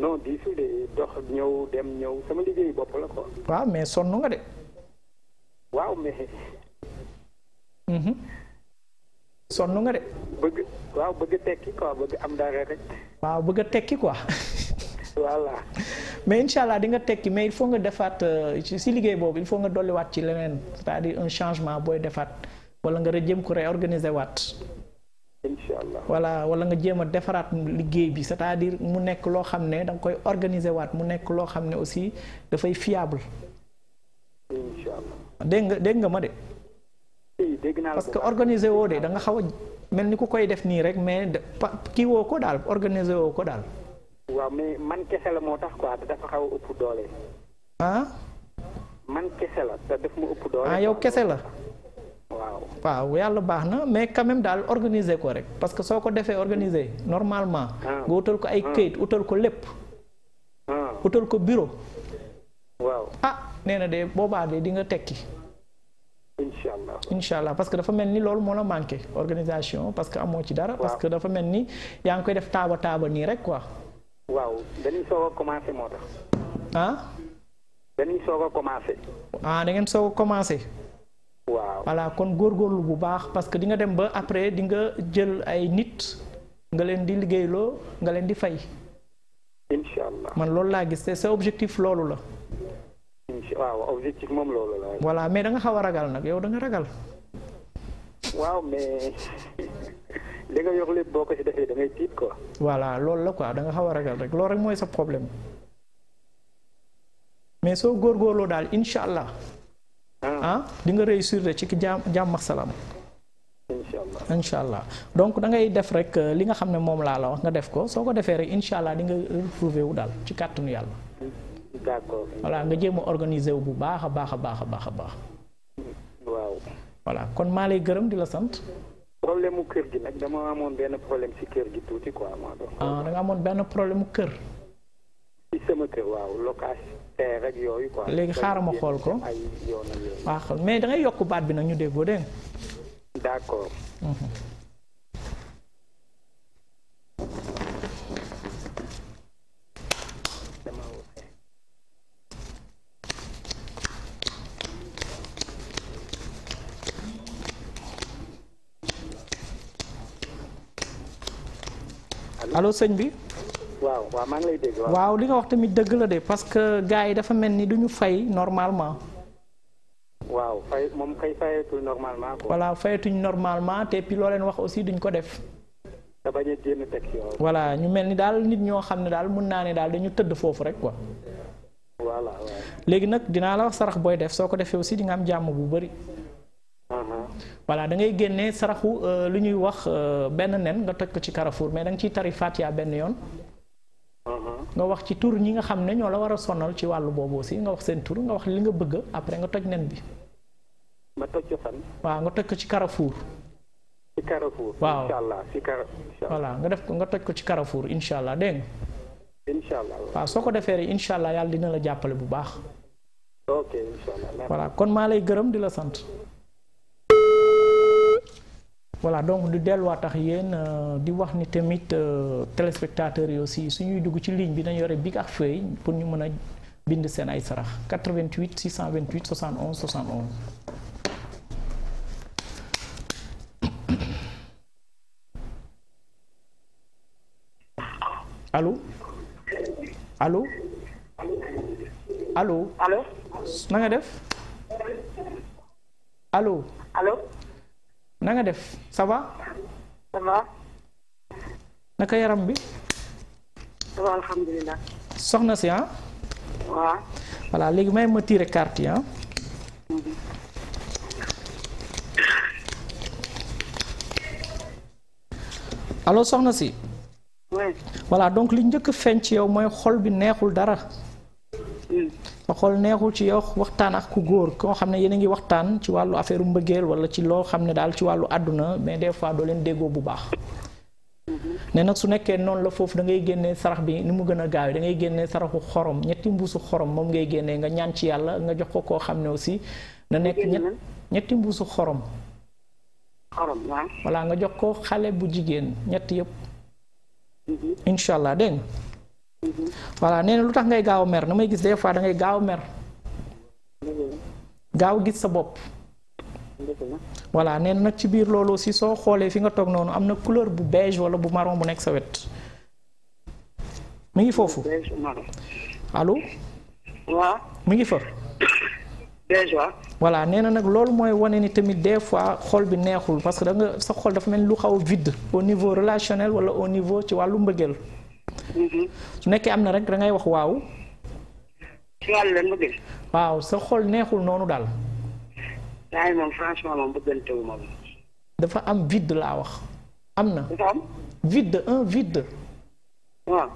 non diisul de dox ñëw dem ñëw sama liggéey bopp la ko. waaw mais sonn nga de. waaw mais. Mhm. sonn nga de. bëgg waaw bëgg tekki quoi bëgg am dara rek. waaw bëgg a tekki quoi. voilà mais incha allah di nga tekki mais il faut nga defaat si euh, liggéey boobu il faut nga dolliwaat ci leneen c'est-à-dire un changement booy defaat wala nga jëm ko réorganiser waat. incha wala nga jéem a defaraat liggéey bi c'est-à-dire mu nekk loo xam ne danga koy organiser waat mu nekk loo xam ne aussi dafay fiable. incha dégg nga dégg nga ma de. dégg naa parce que organiser woo de da nga xaw a mel ni ku koy def nii rek mais pa kiiwoo ko daal organiser woo ko daal. waaw mais man kese la moo tax ko dafa xaw ah. man kese la daf ma ëpp doole. ah yow kese la. waaw yàlla baax na mais quand même daal organiser ko rek parce que soo ko defee organiser normalement. Ah. nga utal ko ay ah. kayit utal ko lépp. wutal ah. ko bureau. waaw ah nee na de boobaa de di nga tekki. incha allah incha allah parce que dafa mel ni loolu moo la manqué organisation parce que amoo ci dara. parce que dafa mel ni yaa ngi koy def taaba taaba nii rek quoi. Wow, dañuy soog a commencé moo tax. ah. dañuy soog a commencé. ah da ngeen soog a commencé. waaw voilà kon góorgóorlu bu baax parce que di nga dem ba après di nga jël ay nit nga leen di liggéeyloo nga leen di fay. incha allah man loolu laa gis te objectif loolu la. incha waaw objectif moom loolu la. voilà mais da nga xaw a ragal nag yow da nga ragal. waaw mais. li nga yor lépp boo ko si defee da ngay tiit quoi. voilà lool la ko da nga xaw a ragal rek loolu rek mooy sax problème mais soo góorloo daal incha allah. ah, ah di nga réussir ci ki jàmm jaam ak salaam. incha allah donc da ngay def rek euh, li nga xam ne moom laa la wax nga def ko soo ko defee rek incha allah di nga retrouver wu daal ci kàttanu yàlla. d'accord nga jéem a organiser wu bu baax a baax a baax a baax a baax. waaw. kon maa lay gërëm di la sant. problème mu kër gi nag dama amoon benn problème si kër gi tuuti ko maa doon. ah da amoon benn problème mu kër. sama kër waaw locataire rek yooyu quoi. léegi xaaral ma xool ko ay yoon ak yooyu. mais da yokk baat bi nag ñu déggoo dégg nga. d'accord. Mhm. allo sëñ bi. waaw waaw maa ngi lay dégg waaw li nga wax tamit dëgg la de parce que gars yi dafa mel ni du ñu fay normalement. waaw fay moom kay fayatul normalement. voilà fayatuñ normalement te puis loo leen wax aussi duñ ko def. da teg voilà ñu mel ni daal nit ñoo xam ne daal mun naa ne daal dañu tëdd foofu rek quoi. léegi nag dinaa la wax sarax booy def soo ko defee aussi di nga am jàmm bu bari. voilà da ngay génne saraxu euh, lu ñuy wax euh, benn nen nga toj ko ci Carrefour mais da nga ciy tari Fatiha benn yoon. nga wax ci tur ñi nga xam ne ñoo la war a sonal ci wàllu boobu aussi nga wax seen tur nga wax li nga bëgg après nga toj nen bi. ma toj ko nga toj ko ci Carrefour. ci Carrefour. waaw incha nga def ko nga toj ko ci Carrefour incha allah dégg nga. incha allah waaw soo ko defee rek incha allah yàlla dina la jàppale bu baax. ok voilà kon maa lay gërëm di la sant. voilà donc di wa tax yeen di wax ni tamit euh, téléspectateurs yi aussi suñuy dugg ci ligne bi dañ yoré big ak pour ñu mëna bind sen ay sarax 88 628 71 71 Allô Allô Allô Allô na nga def nanga def saba va. naka yaram bi. soxna si ah. waaw. léegi may ma tiire carte yi ah. soxna si. oui. donc li njëkk feeñ ci yow mooy xol bi neexul dara. Hmm. ma xool neexul ci yow waxtaan ak ku goor ko xamne yene ngi waxtaan ci walu affaire mbeugel wala ci lo xamne dal ci walu aduna mais des fois do len dego bu baax ne nak su nekké non la fofu da ngay génnee sarax bi ni mu gëna gaaw da ngay génnee saraxu xorom ñetti mbusu xorom mom ngay génnee nga ñaan ci yalla nga jox ko ko xamne aussi na nekk ñetti mbusu xorom xorom wala nga jox ko xalé bu jigen ñetti yépp mhm. inshallah voilà nee na lu tax ngay gaaw a mer damay may gis des fois dangay gaaw a mer gaaw gis sa bopp voilà nee nag ci biir loolu aussi soo xoolee fi nga toog noonu am na couleur bu beige wala bu marron bu nekk sa wet mu ngi foofu allo waaw mu ngi fa voilà nee na nag loolu mooy wane ni tamit des fois xol bi neexul parce que da nga sa xol dafa mel lu xaw a vide au niveau relationnel wala au niveau ci wàllu mbëggeel Mm-hmm. su nekkee am na rek dangay wax waaw. waaw sa xol neexul noonu daal. waaye moom franchement dafa am vide laa wax. am na. vide un vide. waaw.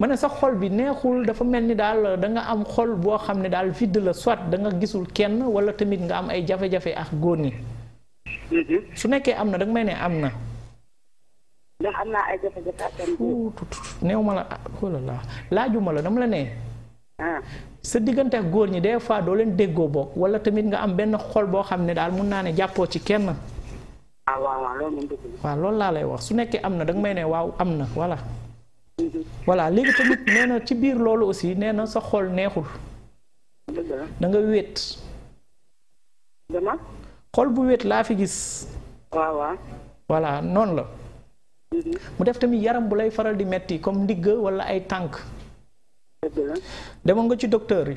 ne sa xol bi neexul dafa mel ni daal da am xol boo xam ne daal vide la soit danga gisul kenn wala tamit nga am ay jafe-jafe ak góor ni mm-hmm. su nekkee am na da nga may ne am na. ndax am naa ay jafe-jafe ak seen néew ma ah, oh la dama la ne. Ah. sa diggante ak góor ñi des fois doo leen déggoo bokk wala tamit nga am benn xol boo xam ne daal mun naa ne jàppoo ci kenn. ah waaw loolu laa lay wax su nekkee am na danga may ne waaw am na voilà. Mm-hmm. voilà léegi tamit nee na ci biir loolu aussi nee na sa xol neexul. danga nga wéet. xol bu wéet laa fi gis. waaw waaw. voilà noonu la. mu def tamit yaram bu lay faral di metti comme ndigg wala ay tànk. demoon nga ci docteur yi.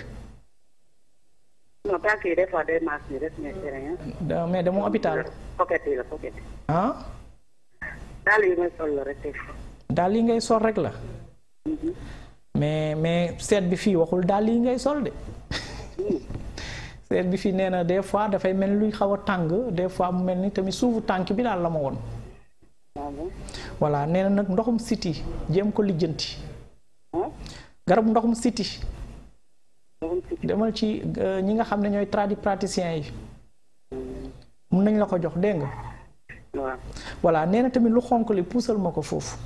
non tànk yi des fois day maas nii rek mais demoo hôpital. pocket yi la pocket. yi ah? ngay sol rek la. Mhm. mais mais seet bi fi waxul daal yi ngay sol de. Hmm. seet bi fi nee na des fois dafay mel luy xaw a tàng des fois mu mel ni tamit suufu tànk bi daal la ma woon. voilà nee na nag ndoxum siti jéem ko lijjanti. garab ndoxum siti demal ci euh, ñi nga xam ne ñooy tradipraticiens yi. mun nañ la ko jox dégg nga. voilà nee na tamit lu xonq li puusal ma ko foofu.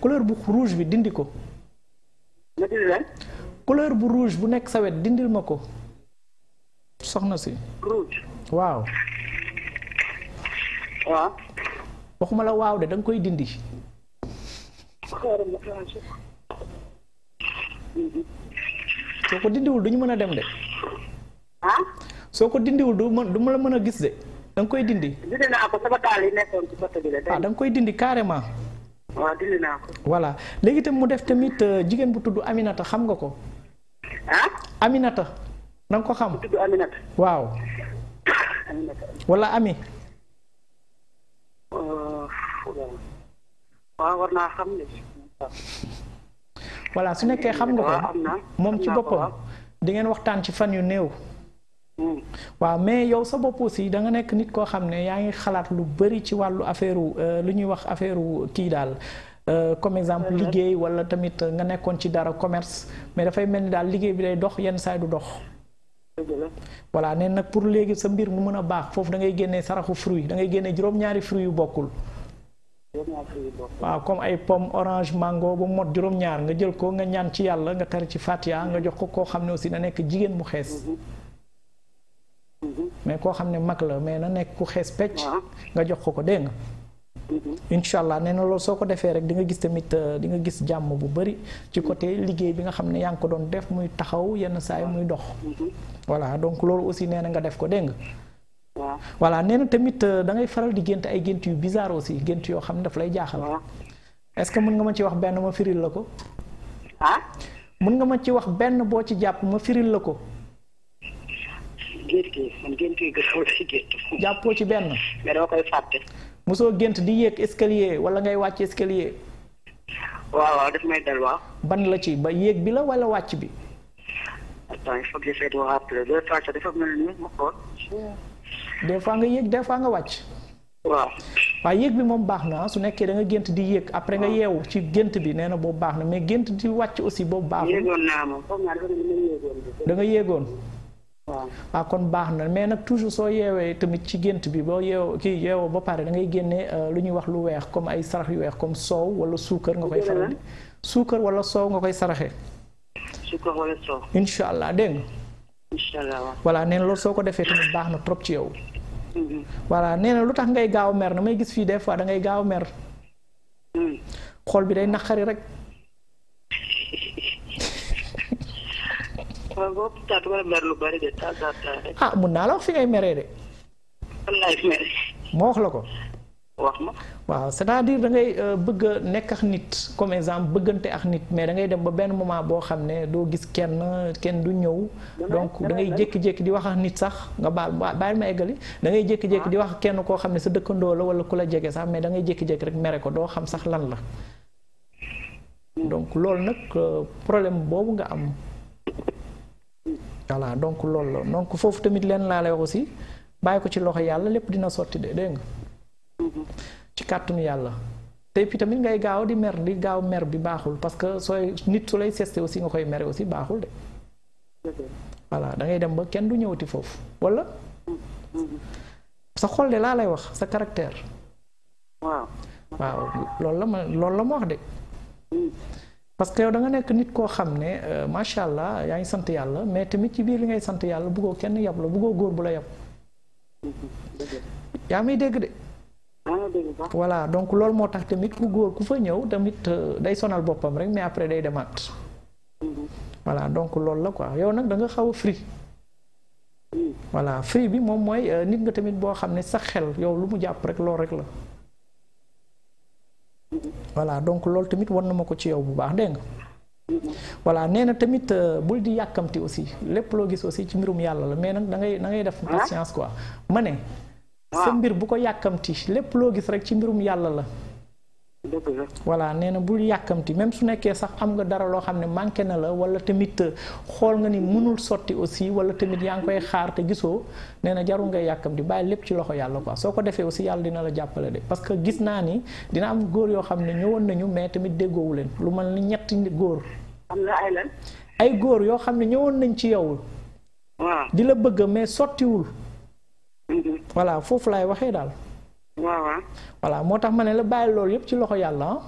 couleur bu rouge bi dindi ko. couleur bu rouge bu nekk sa wet dindil ma ko. soxna si. waaw. waxuma la waaw de danga koy dindi. soo ko dindiwul du ñu mën a dem de. ah. soo ko dindiwul du mën du ma la mën a gis de da koy dindi. dindi naa ah da koy dindi carrément. waaw dindi naa ko. voilà léegi mu def tamit euh, jigéen bu tudd Aminata xam nga ko. ah. Aminata. na ko xam. bu tudd waaw. Aminata. Ami. waaw war naa xam ne. voilà su nekkee xam nga ko moom ci boppam di ngeen waxtaan ci fan yu néew. Hmm. waaw mais yow sa bopp si da nga nekk nit koo xam ne yaa ngi xalaat lu bëri ci wàllu affaire euh, lu ñuy wax affaire kii daal euh, comme exemple euh, liggéey wala tamit nga nekkoon ci dara commerce mais dafay mel ni daal liggéey bi day dox yenn saay du dox. voilà neen nag pour léegi sa mbir mu mën a baax foofu da ngay génnee saraxu fruit da ngay génnee juróom-ñaari fruit yu bokkul. waaw comme ay pomme orange mango bu mot juróom-ñaar nga jël ko nga ñaan ci yàlla nga tari ci Fatiha nga jox ko koo xam ne aussi na nekk jigéen mu xees mais koo xam ne mag la mais na nekk ku xees pecc nga jox ko ko dégg nga incha allah nee na loolu soo ko defee rek di nga gis tamit euh, di nga gis jàmm bu bëri ci côté liggéey bi nga xam ne yaa ngi ko doon def muy taxaw yenn saa muy dox voilà donc loolu aussi nee na nga def ko dégg waaw voilà nee tamit euh, dangay faral di gént ay gént yu bizarre aussi gént yoo xam ne daf lay jaaxal. est-ce que mën nga ma ci wax benn ma firil la ko. ah. nga ma ci wax benn boo ci jàpp ma firil la ko. gént yi man jàppoo ci benn. mais koy fàtte. mosoo gént di yéeg escalier wala ngay wàcc escalier. waaw waaw daf ban la ci ba yéeg bi la wala wàcc bi. attends des fois nga yéeg des fois nga wàcc. waaw waaye yéeg bi moom baax na ah, su nekkee da nga gént di yéeg après nga yeewu ci gént bi nee na boobu baax na mais gént di wàcc aussi boobu baax na da yéegoon ah, kon baax na mais nag toujours soo yeewee tamit ci gént bi boo yeewoo kii yeewoo ba pare da ngay génne euh, lu ñuy wax lu weex comme ay sarax yu weex comme soow wala suukar nga koy faral suukar wala soow nga koy saraxee suukar incha allah dégg incha allah loolu soo ko defee tamit baax na trop ci yow. Mm-hmm. voilà nee lu tax ngay gaaw mer damay gis fii des fois dangay ngay gaaw mer. Mm-hmm. xol bi day naqari rek. waaw boobu taat ah mun naa la wax fi ngay meree de. moo wax la ko. wax ma. waaw c'est-à-dire da ngay euh, bëgg nekk ak nit comme exemple bëggante ak nit mais da ngay dem ba benn moment boo xam ne doo gis kenn kenn du ñëw. donc dangay ngay jékki-jékki di wax nit sax nga baal baal ma eggali. da ngay di ah. wax kenn koo xam ne sa dëkkandoo la wala ku la jege sax mais da jékki-jékki rek mere ko doo xam sax lan la. donc loolu nag euh, problème boobu nga am. voilà donc loolu la donc foofu tamit leen laa lay wax aussi bàyyi ko ci loxo yàlla lépp dina sotti de dégg nga. ci kàttanu yàlla te puis tamit ngay gaaw e di mer di gaaw mer bi baaxul parce que sooy nit su lay sesté aussi nga koy mere aussi baaxul de voilà da ngay dem ba kenn du ñëwati foofu wala sa xol de laa lay wax sa caractère waaw waaw loolu la ma loolu la ma wax de mmh. parce que yow da nga nekk nit koo xam ne euh, macha allah yaa ngi sant yàlla mais tamit ci biir li ngay sant yàlla kenn yab la góor bu la yab mmh. yaa dégg de Ah, voilà donc loolu moo tax tamit ku góor ku fa ñëw tamit euh, day sonal boppam rek mais après day demaat. Mm-hmm. voilà donc loolu la quoi yow nag da nga xaw a free. voilà free bi moom mooy euh, nit nga tamit boo xam ne sax xel yow lu mu jàpp rek loolu rek la. Mm-hmm. voilà donc loolu tamit war na ma ko ci yow bu baax dégg nga. Mm-hmm. voilà nee na tamit euh, bul di yàkkamti aussi lépp loo gis aussi ci mbirum yàlla la mais nag da ngay da ngay def ah? patience quoi ma ne. sa mbir bu ko yàkkamti lépp loo gis rek ci mbirum yàlla la voilà nee na bul yàkkamti même su nekkee sax am nga dara loo xam ne manqué na la wala tamit euh, xool nga ni mënul sotti aussi wala tamit yaa ngi koy xaar te gisoo nee na jarul ngay yàkkamti bàyyi lépp ci loxo yàlla quoi soo ko defee aussi yàlla dina la jàppale de parce que gis naa ni dina am góor yoo xam ne ñëwoon nañu mais tamit déggoowu leen lu mel ni ñetti góor. am na ay ay góor yoo xam ne ñëwoon nañ ci yow. voilà foofu lay waxee daal. waaw moo tax ma ne la bàyyi loolu yëpp ci loxo yàlla ah.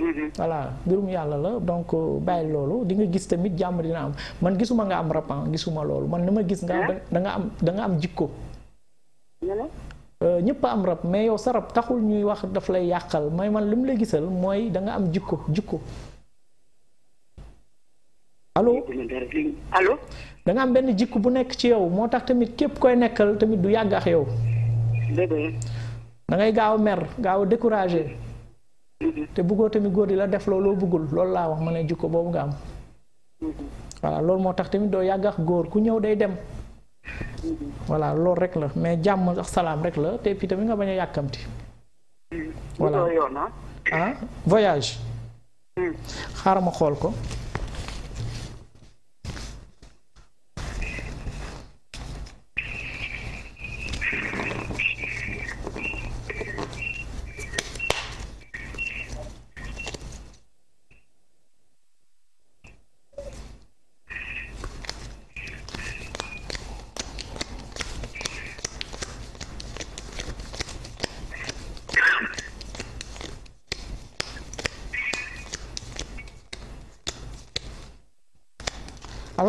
mm-hmm. voilà mbirum yàlla la donc euh, bàyyi loolu di nga gis tamit jàmm dina am man gisuma nga am rapan ah, gisuma loolu man na ma gis nga da am danga am jikko euh, ñëpp am rab mais yow sa rab taxul ñuy wax daf lay yàqal may man li lay gisal mooy danga am jikko jikko allo danga am benn jikko bu nekk ci yow moo tax tamit képp koy nekkal tamit du yàgg ak yow. da ngay gaaw a mer gaaw a découragé. te bëggoo tamit góor di la def looloo bëggul loolu laa wax ma ne jikko boobu nga am. voilà loolu moo tax tamit doo yàgg góor ku ñëw day dem. voilà loolu rek la mais jàmm ak salaam rek la te puis tamit nga bañ a yàkkamti. voilà ah? ah voyage. Hmm. xaaral ma xool ko.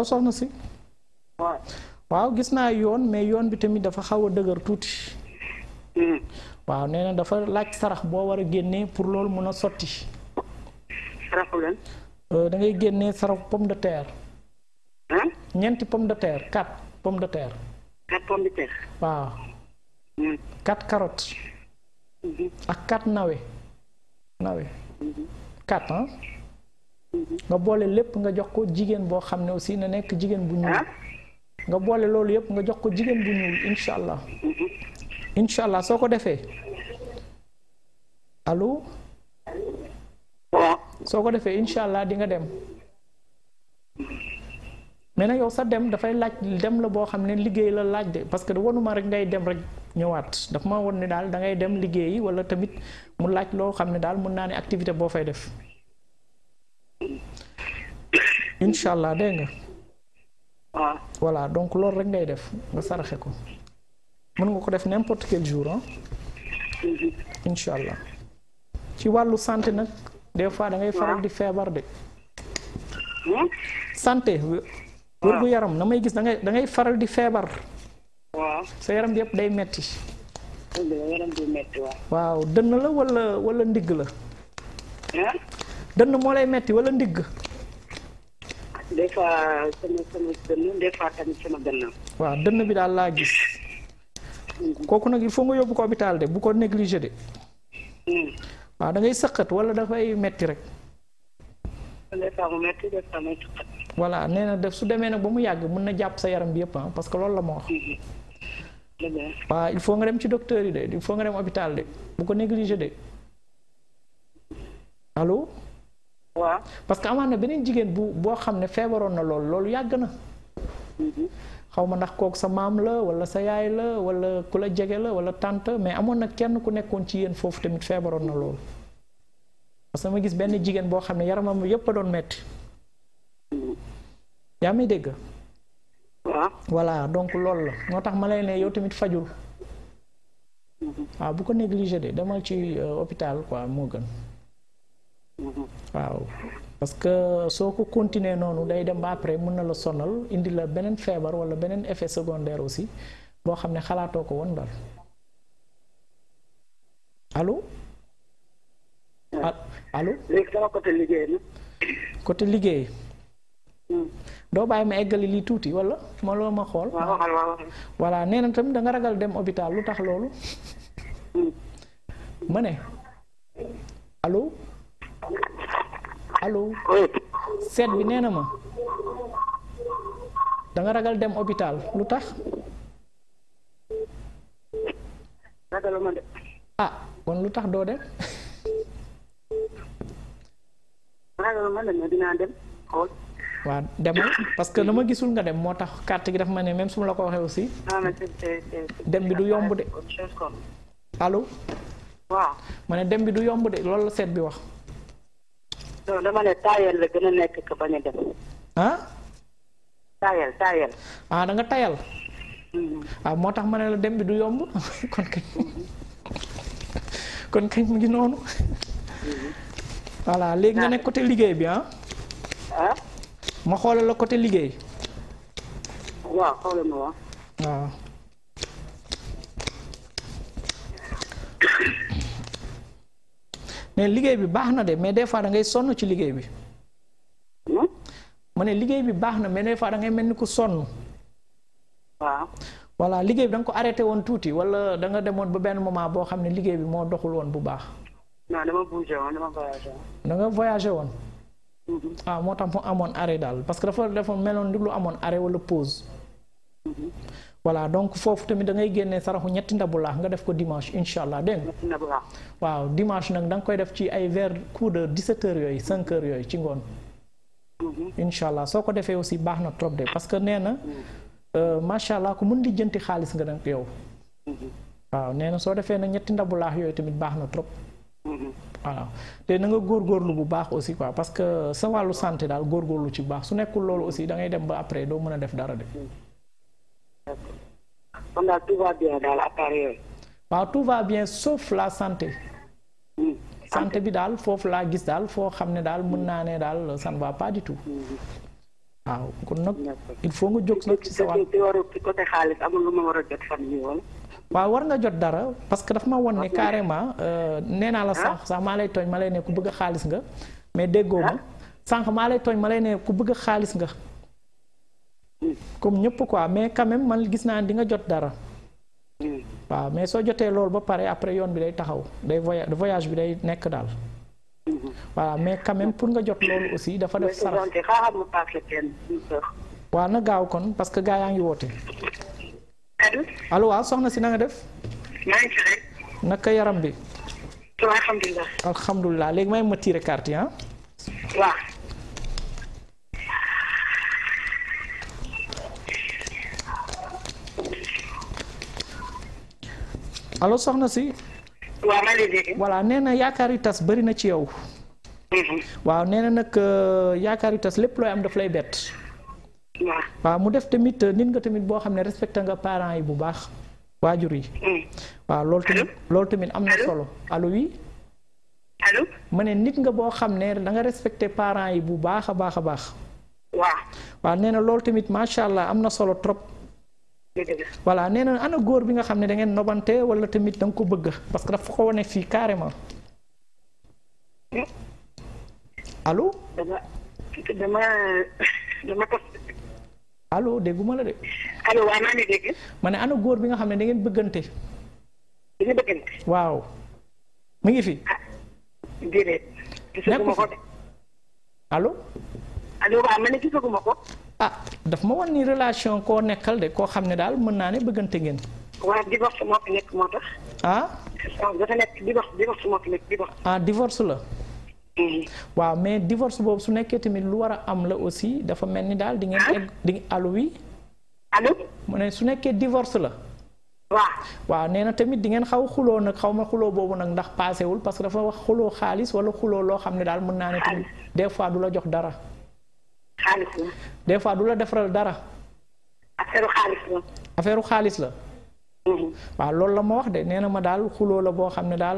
soxna si. waaw gis na yoon mais yoon bi tamit dafa xaw a dëgër tuuti. waaw nee na dafa laaj sarax boo war a génnee pour loolu mun a sotti. Euh, da ngay génnee sarax pomme de terre. ñeenti pomme de terre quatre pomme de terre. quatre pomme de terre. waaw. Hmm. quatre carottes. Hmm. ak quatre nawe. nawe. Hmm. quatre ah. nga boole lépp nga jox ko jigéen boo xam ne aussi na nekk jigéen bu ñuul. nga boole loolu yëpp nga jox ko jigéen bu ñuul incha allah. incha allah soo ko defee allo. soo ko defee incha allah di nga dem. mais nag yow sa dem dafay laaj dem la boo xam ne liggéey la laaj de parce que wanuma rek ngay dem rek ñëwaat dafa ma won ne daal da ngay dem liggéey wala tamit mu laaj loo xam ne daal mun naa ne activité boo fay def. inshallah de nga. Ah. voilà donc lool rek ngay def nga saraxé ko mën nga ko def n'importe quel jour hein ah. mhm. inshallah ci walu santé nak des fois da ngay faral di fièvre de. Hmm? santé. pour bu yaram na gis da ngay da ngay faral di fièvre wa sa yaram bi yëpp day metti. waaw deun la wala wala ndig la. deun mo lay metti wala ndig des fois sama sama dënn waaw dënn bi daal laa gis. kooku nag il foo nga yóbbu ko hôpital de bu ko négligé de. Hmm. waaw da sëqat wala dafay metti rek. voilà nee na def su demee nag ba mu yàgg mun na jàpp sa yaram bi yëpp ah parce que loolu la moo wax. Hmm. waaw il faut nga dem ci docteur yi de il faut nga dem hôpital de bu ko négligé de allo. waaw parce que amaat na beneen jigéen bu boo xam ne feebaroon na loolu loolu yàgg na. Mhm. xaw ma ndax kook sa maam la wala sa yaay la wala ku la jege la wala tànt mais amoon nag kenn ku nekkoon ci yéen foofu tamit feebaroon na loolu. parce ma gis benn jigéen boo xam ne yaramam yépp a doon metti mhm. yaa may dégg. waaw voilà donc loolu la moo tax ma lay ne yow tamit fajul. waaw mhm. ah, bu ko négligé de demal ci euh, hôpital quoi moo gën. waaw parce que soo ko continuer noonu day dem ba après mën na la sonal indi la beneen feebar wala beneen effet secondaire aussi boo xam ne xalaatoo ko woon dal allo. allo léegi sama côté liggéey na. côté liggéey. Hmm. doo bàyyi ma eggali lii tuuti wala ma loo ma xool. waaw waaw voilà nee na tamit da nga ragal dem hôpital lu tax loolu. Hmm. ma ne allo allo set bi nee ma da nga ragal dem hôpital lutax ragaluma de ah kon lutax do doo dem ragaluma de mais dinaa dem wa dem parce que dama gisul nga dem motax carte gi daf mané même suma ma la ko waxee aussi dem bi du yomb de allo wa mané dem bi du yomb de lolou set bi wax non dama ne taayal la gën a nekk ka bañ a dem. ah. taayal taayal. ah da nga waaw mm-hmm. ah, moo tax ma ne la dem bi du yomb kon kañ kon kañ mu ngi noonu. Mm-hmm. voilà léegi nga nekk côté liggéey bi ah? ah. ma xoolal la côté liggéey. waaw waaw. Ah. mais liggéey bi baax na de mais des fois da ngay sonn ci liggéey bi. Hmm? ma ne liggéey bi baax na mais des fois da ngay mel ni ku sonn. waaw. voilà liggéey bi da ko arrêté woon tuuti wala danga demoon ba benn moment boo xam ne liggéey bi moo doxul woon bu baax. non dama woon dama da nga voyagé woon. Mm-hmm. ah moo tax mu amoon arrêt daal parce que dafa defoon meloon lu amoon arrêt wala pause. Mm-hmm. voilà donc foofu tamit da ngay génnee saraxu ñetti ndabu laax nga def ko dimanche incha allah dégg nga waaw dimanche nag danga koy def ci ay vers coup de 17 yooyu 5 yooyu ci ngoon. Mhm. incha allah soo ko defee aussi baax na trop de parce que nee na mhm. euh, macha allah ku mën di xaalis nga nag yow. Mhm. waaw nee na soo defee na ñetti ndabu laax yooyu tamit baax na trop. waaw te na nga góorgóorlu bu baax aussi quoi parce que sa wàllu santé daal góorgóorlu ci baax su nekku loolu da ngay dem ba après doo mën a def dara de. kon daal tout va bien waaw tout bien sauf la santé. Hmm. santé bi daal foofu laa gis daal foo xam ne daal mën naa ne daal ça va pas du tout. Hmm. waaw kon nag il faut nga jóg nag ci sa lu ma war a jot fan waaw war nga jot dara parce que dafa ma won ne carrément euh, nee naa la ah. sànq sax maa lay tooñ ma lay ne ku bëgg xaalis nga mais déggoo ma ah. sànq maa lay tooñ ma lay ne ku bëgg xaalis nga. comme ñëpp quoi mais quand même man gis naa dinga jot dara. waaw mais soo jotee loolu ba pare après yoon bi day taxaw day voyage voyage bi day nekk daal. voilà mais quand pour nga jot loolu aussi dafa def sarax. waaw na gaaw kon parce que gaa yaa ngi woote. allo waaw soxna si na nga def. maa ngi fi naka yaram bi. alhamdulilah. léegi may ma tiire carte yi ah. allo soxna si. waaw maa voilà nee na yaakaar yu tas bëri na ci yow. Mhm. waaw nee na nag euh, yaakaar yu tas lépp looy am daf lay bet waaw mu def tamit euh, nit nga tamit boo xam ne respecté nga parents yi bu baax waajur yi. Mhm. waaw loolu tamit am na solo allo oui. allo ma ne nit nga boo xam ne da nga respecté parents yi bu baax a baax a baax. waaw waaw nee na loolu tamit macha allah am na solo trop. voilà nee na ana góor bi nga xam ne da ngeen nobante wala tamit da nga ko bëgg parce que dafa ko wane fii carrément. allo. dégguma la de. allo ne ana góor bi nga xam ne da ngeen bëggante. waaw. mu ngi fi. ah déedéet. gisaguma ko ne gisaguma ko. ah dafa ma wan ni relation koo nekkal de koo xam ne daal mën naa ne bëggante ngeen. waaw divorce moo fi ah? ah. divorce la. Hmm. waaw mais divorce boobu su nekkee tamit lu war a am la aussi dafa mel ni daal di ngeen. Ah? egg di allo wi. allo. mu ne su nekkee divorce la. waaw. waaw nee na tamit di ngeen xaw xuloo nag xaw ma xuloo boobu nag ndax paasewul parce que dafa wax xuloo xaalis wala xuloo loo xam ne daal mën naa ne tamit des fois du la jox dara. xaalis la. des fois du la defaral dara. affaire xaalis la. Mm-hmm. waaw loolu la ma wax de nee na ma daal xuloo la boo xam ne daal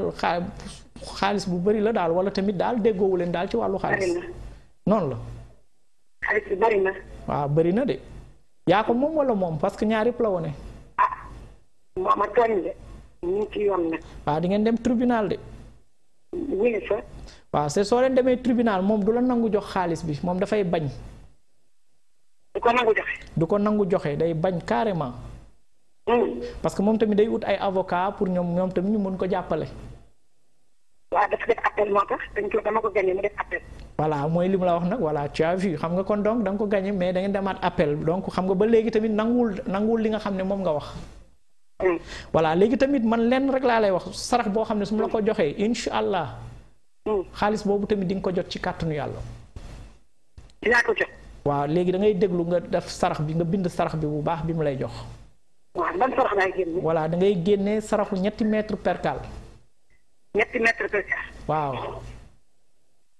xaalis bu bari la daal wala tamit daal déggoowu leen daal ci wàllu xaalis. noonu la. xaalis bi bëri na. waaw bëri na de. yaa ko moom wala moom parce que ñaar yëpp la wone. Ah, waaw di dem tribunal de. waaw c'est so len demé tribunal mom du la nangu jox xaalis bi moom dafay bañ. du ko nangou joxe. du ko nangu joxe day bagn carrément. Mm. parce que mom tamit day out ay avocat pour ñom ñom tamit ñu mën ko jàppale. waaw dafa def appel moo tax dañ ko dama ko gagné mu def appel. wala moy limu la wax nak wala tu as vu xam nga kon donc dang ko gagné mais da ngeen demat appel donc xam nga ba léegi tamit nanguwul nanguwul li nga xam mom nga wax. wala mm. léegi tamit man lenn rek la lay wax sarax bo xam sum la ko joxee inshallah allah xaalis bobu tamit ding ko jot ci carte nu yalla dina ko jot. wa legui da ngay deglu nga def sarax bi nga bind sarax bi bu baax bi mu lay jox. wa ban sarax ngay genn wala da ngay genné saraxu ñetti mètre per cal ñetti mètre per cal wa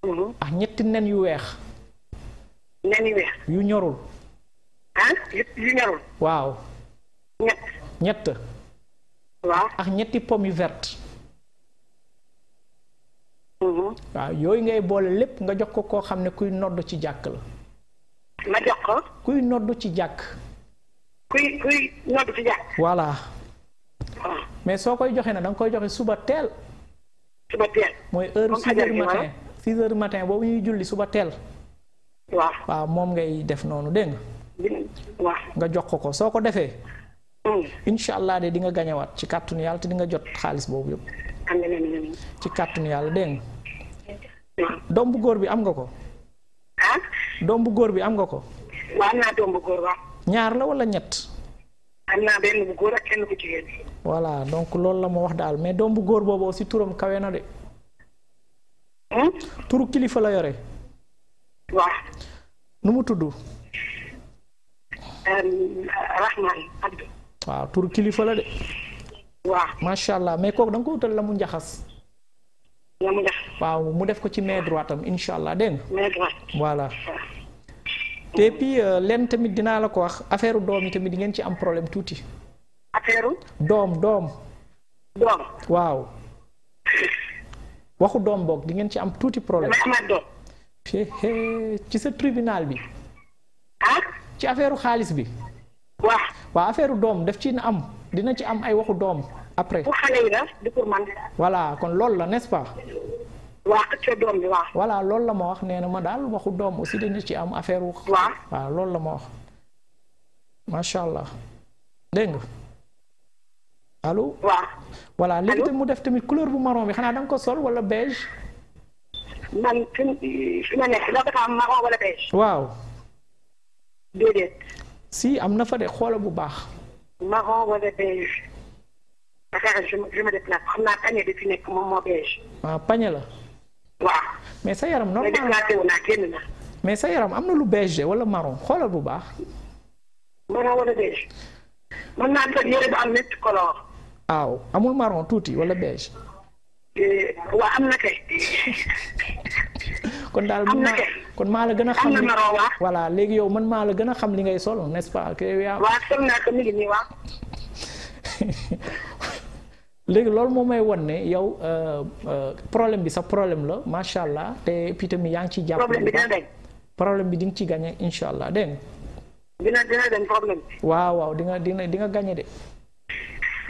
mhm. ah ñetti nen yu weex. nen yu weex. yu ñorul. ah yu ñorul. waaw. ñett. ñett. waaw ak ah, ñetti pomme yu verte. waaw yooyu ngay boole lépp nga jox ko koo xam ne kuy nodd ci jàkk la ma jox ko kuy nodd ci jàkk kuy kuy nodd ci jàkk voilà ah. mais soo koy joxe na da nga koy joxe suba teel suba teel mooy heure six heures matin six heures matin boobu ñuy julli suba teel waaw waaw moom ngay def noonu dégg nga nga jox ko ko soo ko defee hmm. incha allah de di nga gañewaat ci kàttunu yàlla te di nga jot xaalis boobu yëpp ci kàttunu yàlla dégg nga dom bu góor bi am nga ko. han ah? doom bu góor bi am nga ko. waaw na naa doom bu góor waaw. ñaar la wala ñet am na ben bu gor ak kenn ku yeen wala donc lool la mo wax dal mais doom bu góor boobu aussi turam kawe na de. Hmm? turu kilifa la yoré wa nu mu tudd. Rahman Abdou. wa turu kilifa la de. waaw macha allah mais kooku dang ko wutal la mu njaxas. waaw mu def ko ci main droite am incha allah dégg nga te puis euh, lenn tamit dinaa la ko wax affaire doom yi tamit di ngeen ci am problème tuuti. affaire doom doom. waaw. waxu doom boog di ngeen ci am tuuti problème. ci sa tribunal bi. Ah? ci affaire xaalis bi. waaw affaire doom daf ci na am dina ci am ay waxu doom. après pour kon loolu la n'est-ce waa xëccoo doom loolu la ma wax nee na ma daal waxu doom aussi dañu ci am affaire wu. waaw waaw la ma wax macha allah dégg nga allo. waaw tamit mu def tamit couleur bu marron bi xanaa danga ko sol walla beige. waaw. si am na fa de xoola bu baax. je xam naa pañe ah, la. waaw. mais sa yaram normal mais déplacé sa yaram am na lu beige wala marron xoolal bu baax. marron wala waaw amul marron tuuti wala beige. Eh, kon daal am na kay kon maa la gën a xam li voilà léegi yow man maa la gën a xam li ngay sol n'est-ce pas. waaw sol naa ko mi ngi nii waaw. léegi loolu moo may wan ne yow euh, euh, problème bi sa problème la macha allah te puis yaa ngi ciy jàpp. problème bi problème bi di nga ci gagné incha allah de nga. dina dina dañ waaw waaw di nga dina di nga gagné de.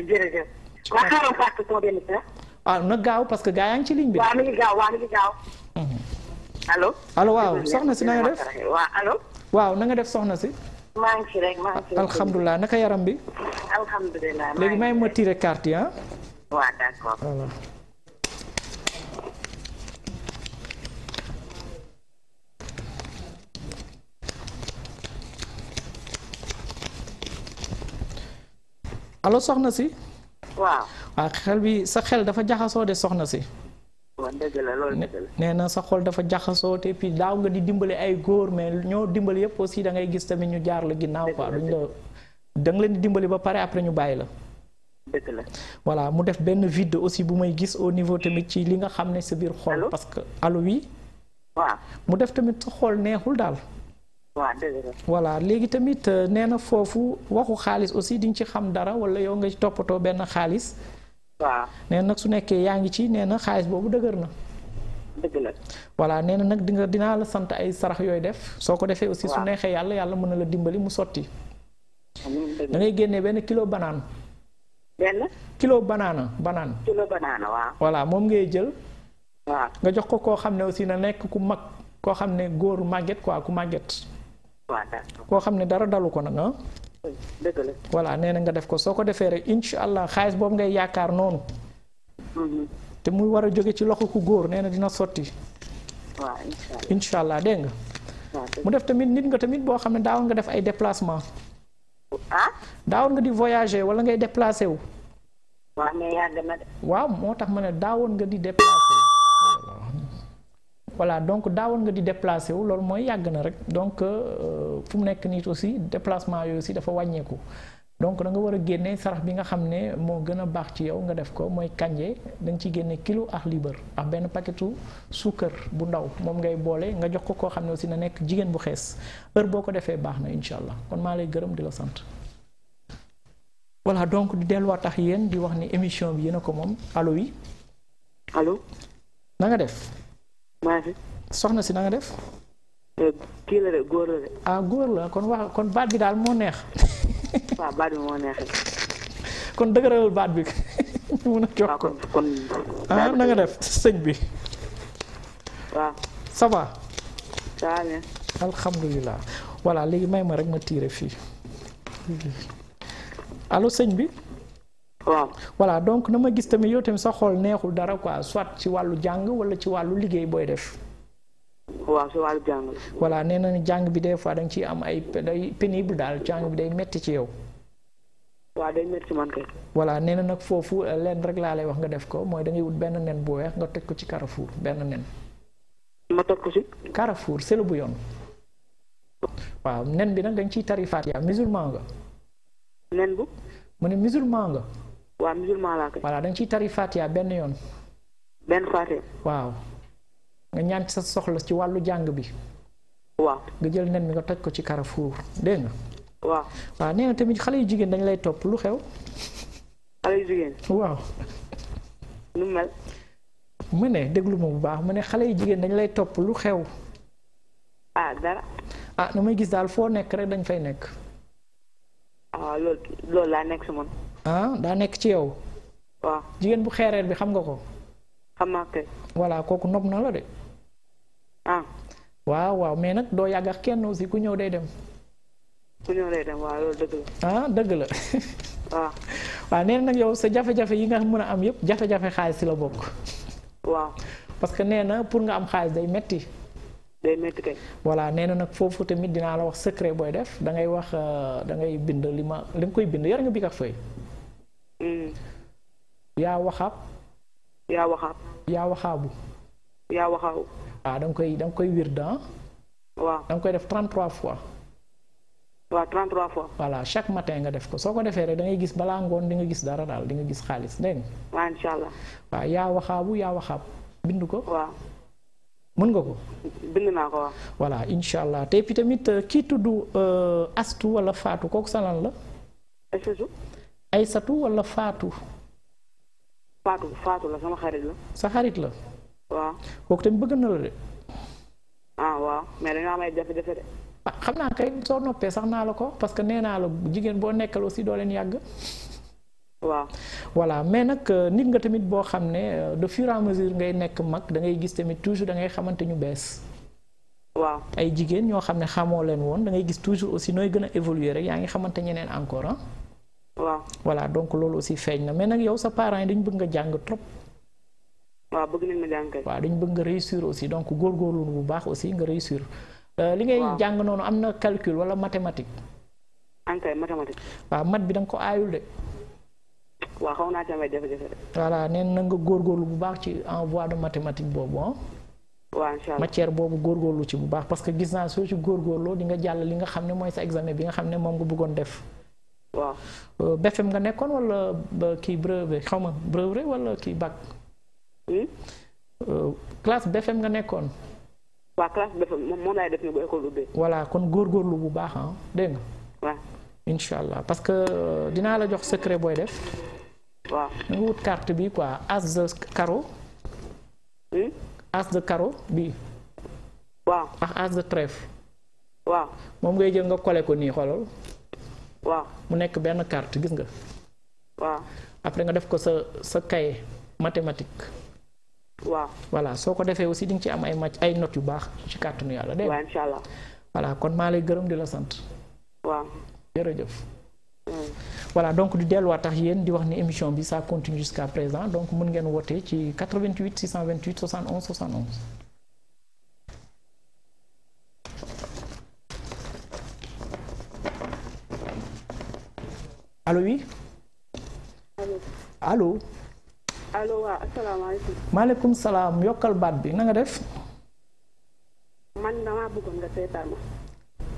jërëjëf. waa ah, na gaaw parce que gaa yaa ngi ci ligne bi. waaw mi ngi gaaw waaw mi ngi mhm. waaw soxna si na nga def. waaw allo. waaw na nga def soxna si. maa naka yaram bi. alhamdulilah léegi may ma tiré carte yi ah. waaw soxna si. waaw. waaw ah, xel bi sa xel dafa jaxasoo de soxna si. nee na sa xol dafa jaxasoo te puis daaw nga di dimbali ay góor mais ñoo dimbali yëpp aussi da ngay gis tamit ñu jaar la ginnaaw quoi duñ la da leen dimbali ba pare après ñu bàyyi la. voilà mu def benn vide aussi bu may gis au niveau tamit ci li nga xam ne sa biir xol. parce que allo oui. waaw mu def tamit sa neexul daal. waaw voilà léegi tamit euh, nee na foofu waxu xaalis aussi di nga ci xam dara wala yow nga ci toppatoo benn xaalis. waaw nee nag su nekkee yaa ngi ci nee na xaalis boobu dëgër na. dëgg la voilà nee na nag di nga dinaa la sant ay sarax yooy def soo ko defee aussi su neexee yàlla yàlla mën na la dimbali mu sotti. dangay génne benn kilo banaan. benn. kilo banaana banaan. kilo banaana waaw. moom ngay jël. nga jox ko koo xam ne aussi na nekk ku mag koo xam ne góor màgget quoi ku màgget. koo xam ne dara dalu ko nag ah. voilà nee na nga def ko soo ko defee rek incha allah xaalis boobu ngay yaakaar noonu. Mm-hmm. te muy war a jóge ci loxo ku góor nee na dina sotti. waaw incha allah dégg nga. mu def tamit nit nga tamit boo xam ne daawoon nga def ay déplacement. ah. daawoon nga di voyager wala ngay déplacé wu. waaw mais yàgg na waaw moo tax ma ne daawoon nga di déplacé. voilà donc dawon nga di déplacer wu loolu moy yag na rek donc euh, fu nek nekk nii aussi déplacement yo aussi dafa wagneku donc da nga wara guenné sarax bi nga xamné ne gëna bax ci yow nga def ko moy kanjé dañ ci guenné kilo ak liber ak ben paquetu sucre bu ndaw mom ngay bolé nga jox ko ko xamné aussi na nekk jigen bu xess heure boko ko defee baax na incha kon ma lay gërëm di la sante voilà donc di wat tax yeen di wax ni émission bi yéen ko mom allo yi. allo. na nga def. maa soxna si na def. Euh, kii la de góor la de. ah góor la kon wax kon baat bi daal moo neex. waaw baat bi moo kon dëgëralal baat bi ñu mun a jox ko kon ah, def sëñ bi. waaw. ça va. ça va bien. léegi may ma rek ma tiire fii allo sëñ bi. waaw voilà donc na ma gis tamit yow tamit sa xool neexul dara quoi soit ci wàllu jàng wala ci wàllu liggéey booy def. waaw ci wàllu jàng. voilà nee na ni jàng bi des fois da ciy am ay day pénible daal jàng bi day metti ci yow. waaw day metti man kay. nee na nag foofu euh, leen rek laa lay wax nga def ko mooy da ngay benn nen bu weex nga toj ko ci Carrefour benn nen. ma toj ko ci. Carrefour c'est le bouillon. waaw nen bi nag dañ ciy tarifaat yaa musulman nga. nen bu. mu ne musulman nga. waa musulman laa koy. voilà da nga ciy tari Fatiha benn yoon. benn Fatiha. waaw nga ñaan sa soxla ci wàllu jàng bi. waaw nga jël nen mi nga toj ko ci Carrefour dégg waaw nee tamit xale yu jigéen dañ lay topp lu xew. xale ne déglu ma bu baax mu ne xale yu jigéen dañ lay topp lu xew. ah dara. ah nu may gis daal foo nekk rek dañ fay nekk. ah loolu laa nekk si man. ah daa nekk ci yow. waaw jigéen bu xeereer bi xam nga ko. xam naa kay. voilà kooku nopp na la de. Ah. waaw waaw mais nag doo yàggal kenn aussi ku ñëw day dem. ku ñëw day dem waaw loolu dëgg la. ah dëgg la. waaw. Ah. waaw nee nag yow sa jafe-jafe yi nga mën a am yépp jafe-jafe xaalis si la bokk. waaw. parce que nee na pour nga am xaalis day metti day metti kay. voilà nee na nag foofu tamit dinaa la wax secret booy def da ngay wax euh, da ngay bind li ma li nga koy bind yor nga Mm. yaa waxaab. yaa waxaab. yaa waxaabu. yaa waxaabu. waaw ah, da koy da koy wirda ah. waaw da nga koy def 33 fois. waaw 33 fois. voilà chaque matin nga def ko soo ko defee rek dangay gis balaa ngoon di nga gis dara daal di nga gis xaalis dégg nga. waaw incha allah. waaw yaa waxaabu yaa waxaab bind ko. waaw. mën nga ko. bind naa ko waaw. voilà incha te puis tamit euh, kii tudd euh, Astu wala Faatu kooku sa la. Aysatu wala Fatu. Fatu Fatu la sama xarit la. sa xarit la. waaw kok tamit bëgg na la de. ah waaw mais dañoo am ay Kamu jafe de. ah pesan nalo kay Pas noppee sax jigen la ko parce que nee naa la jigéen boo nekkal aussi doo leen yàgg. voilà mais nak euh, nit nga tamit bo xamné ne euh, de fur et à mesure ngay nek mak da ngay gis tamit toujours da ngay xamanté ñu bess. waaw ay jigen ño xamné ne xamoo leen woon da ngay gis toujours aussi noy gëna évoluer rek ya ngi xamanté ñeneen encore ah. waaw voilà donc loolu aussi feeñ na mais nag yow sa parent yi dañ bëgg nga jàng trop. waaw bëgg nañ ma jàng kay. waaw dañ bëgg nga réussir aussi donc góorgóorlu bu baax aussi nga réussir. Euh, li ngay jàng noonu am na calcul wala mathématique. en kay mathématique. waaw mat bi da nga ko aayul de. waaw xaw naa ci am ay jafe-jafe de. voilà nee na bu baax ci en voie de mathématique boobu ah. waaw incha allah matière boobu góorgóorlu ci bu baax parce que gis naa soo ci góorgóorloo di nga jàll li nga xam ne mooy sa examen bi nga xam ne moom nga bëggoon def. waaw euh, BFM nga nekkoon wala kii brevet xaw ma brevet wala kii bac. Hmm? Euh, classe BFM nga nekkoon. waaw classe BFM moom laay def ni bu école ubbee. voilà kon góorgóorlu bu baax ah dégg nga. waaw incha allah parce que euh, dinaa la jox secret booy def. waaw nga wut carte bi quoi as de carreau. Hmm? waaw ak ah, as waaw moom ngay jël nga collé ko nii xoolal. waaw mu nekk benn carte gis nga. waaw après nga def ko sa sa cahier mathématique. waa voilà soo ko defee aussi di nga ci am ay match ay not yu baax ci kàttanu yàlla de nga. incha allah voilà kon maa lay gërëm di la sant. waaw jërëjëf. Hmm. voilà donc di delluwaat tax yéen di wax ni émission bi ça continue jusqu'à présent donc mën ngeen woote ci 88 628 71 71. alo wi allo. allo waaw asalaamaaleykum. maaleykum salaam yokkal baat bi na def. man damaa bëggoon nga seetal ma.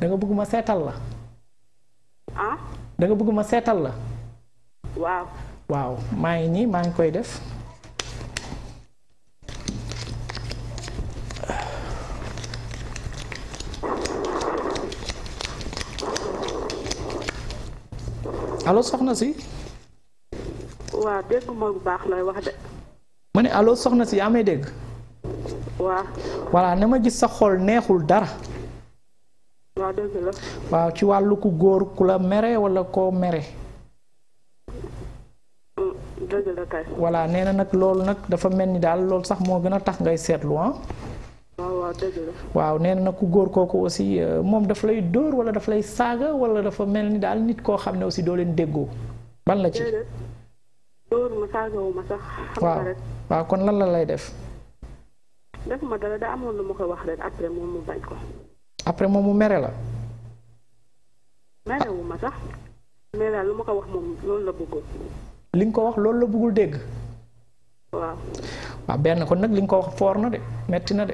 da nga bëgg ma seetal la. ah. da bëgg ma seetal la. waaw. waaw maa ngi nii maa ngi koy def. allo soxna si. waaw dégg ma bu baax lay wax de. ma ne allo soxna si yaa may dégg. waaw. voilà ne ma gis sa xol neexul dara. waaw dégg la. waaw ci wàllu ku góor ku la mere wala koo mere. Mm, dëgg la nee na nag loolu nag dafa mel ni daal loolu sax moo gën a tax ngay seetlu ah. waaw nee na ku góor kooku aussi euh, moom dafa lay dóor wala daf lay saaga wala dafa mel ni daal nit koo xam ne aussi doo leen déggoo ban la ci. dóor ma saagawu ma sax. waaw kon lan la lay def. def ma dara daa amoon lu ma ko wax rek après moom mu bañ ko. après moom mu mere la. merewu sax. mais daal lu ma ko wax moom loolu la bëggul. li nga ko wax loolu la bëggul dégg. waaw benn kon nag li nga ko wax foor na de metti na de.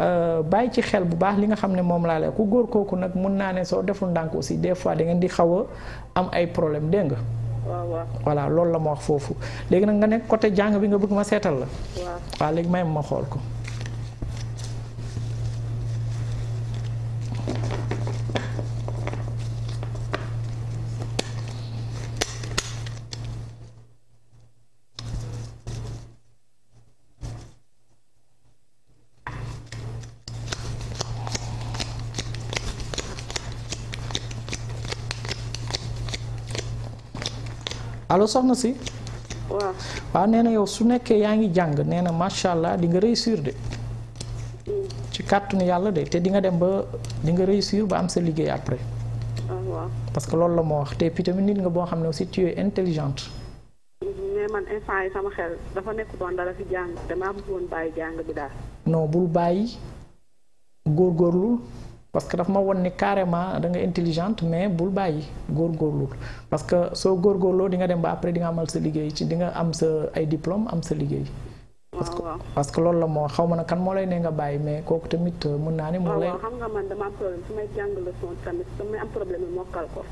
Euh, bàyyi ci xel bu baax li nga xam ne moom laa lay ku góor kooku nag mun naa ne soo deful ndànk aussi des fois da di xaw a am ay problème dégg nga. voilà loolu la ma wax foofu léegi nag nga nekk côté jàng bi nga bëgg ma seetal la. waaw léegi may ma xool ko. allo soxna si. waaw waaw nee na yow su nekkee yaa ngi jàng nee na macha allah di nga réussir de. Mm. ci kàttanu yàlla de te di nga dem ba di nga réussir ba am sa liggéey après. Ah, waaw parce que loolu la moo wax te puis tamit nit nga boo xam ne aussi tu es mm-hmm. mais man instant yi sama xel dafa nekk doon dara fi jàng damaa bëggoon bàyyi jàng bi daal. non bul bàyyi góorgóorlu. parce que daf ma won ni carrément dangay nga intelligente mais bul bàyyi góorlu parce que soo góorgóorloo di nga dem ba après dinga amal sa liggéey ci di nga am sa ay diplôme am sa liggéey. parce que ah, parce que loolu la moo xaw ma na kan moo lay ne nga bàyyi mais kooku tamit euh, mën naa ne. moo ah, lay xam nga man dama am problème su may jàng leçon tamit damay am problème mu mokkal ko.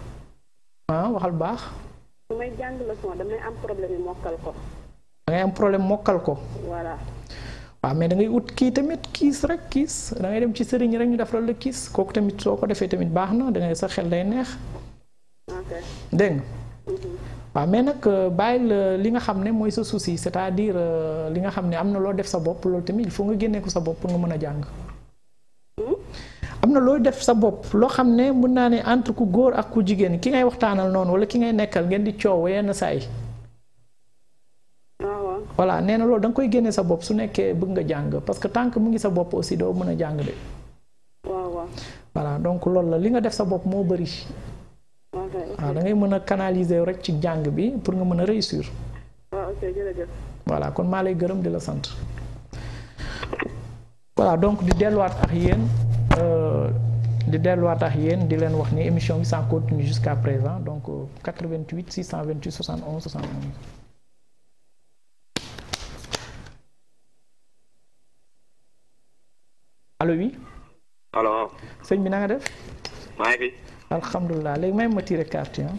ah waxal baax. su may jàng leçon damay am problème mu mokkal ko. da problème mokkal ko. waaw ah, mais da ngay ut kii tamit kiis rek kiis dangay dem ci sëriñ rek ñu defaral la kiis kooku tamit soo ko defee tamit baax na dangay sa xel day neex. dégg waaw mhm. ah, mais nag euh, bàyyil li nga xam ne mooy sa souci cest à euh, li nga xam ne am na loo def sa bopp loolu tamit foo nga génnee ko sa bopp nga mën a jàng. Mhm. am na looy def sa bopp loo xam ne mun naa ne entre ku góor ak ku jigéen ki ngay waxtaanal noonu wala ki ngay nekkal ngeen di coow yenn saa yi voilà nee na loolu da nga koy génne sa bopp su nekkee bëgg nga jàng parce que tant que mu ngi sa bopp aussi doo mën a jàng de. waaw waaw. voilà donc loolu la li nga def sa bopp moo bëri. waaw da ngay mën a canaliser rek ci jàng bi pour nga mën a réussir. waaw voilà kon maa lay gërëm di la sant. voilà donc di delluwaat ak yéen euh, di delluwaat ak yéen di leen wax ni émission bi ça continue jusqu'à présent donc 88 628 71 71. alo oui. allo. sëñ bi na nga def. ma tiré carte ah.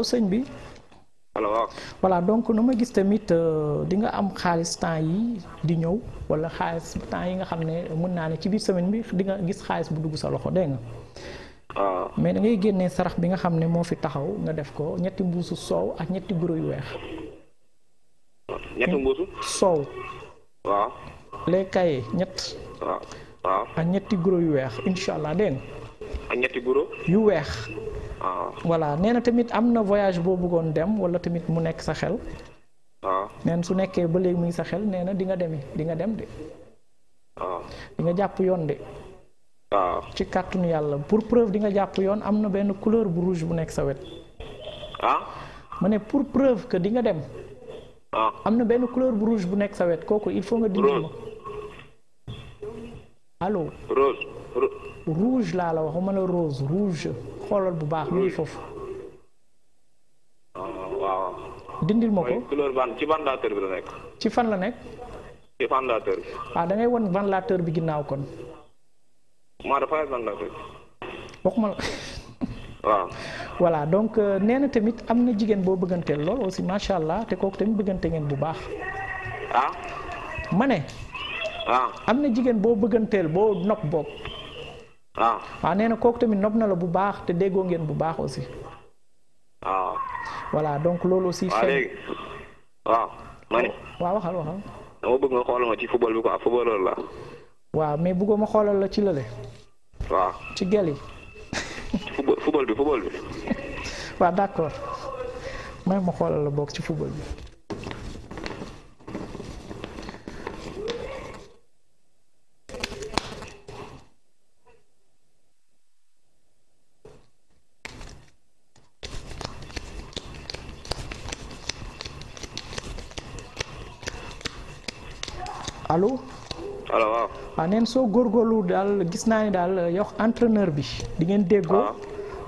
sëñ bi. allo. voilà donc nu ma gis tamit euh, di nga am xaalis temps yi di ñëw wala xaalis temps yi nga xam ne mun naa ne ci biir semaine bi di nga gis xaalis bu dugg sa loxo dégg nga. Ah. mais da ngay génnee sarax bi nga xamné mo fi taxaw nga def ko ñetti mbusu soow ak ñetti guru yu wéx ñetti mbusu soow. waaw. les cahiers ñet waaw ak ñetti guro yu wéx inshallah allah ak ñetti guro. yu wéx waaw voilà néna tamit amna voyage bo bëggoon dem wala tamit mu nekk sa xel. waaw ah. neen su nekké ba légui mu sa xel néna di nga di nga dem de. waaw ah. di nga japp yoon de. waaw ci kàttanu yàlla pour preuve di nga jàpp yoon am na benn couleur bu rouge bu nekk sa wet. Ah? ma ne pour preuve que di nga dem. waaw ah. am na benn couleur bu rouge bu nekk sa wet kooku il faut nga. dindi ma laa la waxuma la rose rouge xoolal bu baax. rouge foofu. Ah, dindil ma ko couleur ban ci ventilateur bi la nekk. ci fan la nekk. ci ventilateur bi. waaw da ngay won ventilateur bi ginnaaw kon. mois de printemps la waxuma la. waaw. voilà donc euh, nee na tamit am na jigéen boo bëgganteel lool aussi macha allah te kook tamit bëggante ngeen bu baax. ah. ma ne. waaw ah. am na jigéen boo bëgganteel boo nopp boog. waaw ah. ah, waaw nee na kooku tamit nopp na la bu baax te déggoo ngeen bu baax aussi. waaw. voilà donc loolu aussi. waaw léegi waaw. ma ne. waaw waxal waxal. dama bëgg nga xoolal ci football bi quoi footballeur la. waaw mais bëggoo ma xoolal la ci lële. waaw ci gel yi. football bi football bi. waaw d'accord may ma xoolal la bokk ci football bi. waaw neen soo góorgóorlu daal gis naa ne daal yox entraîneur bi di ngeen déggoo ah.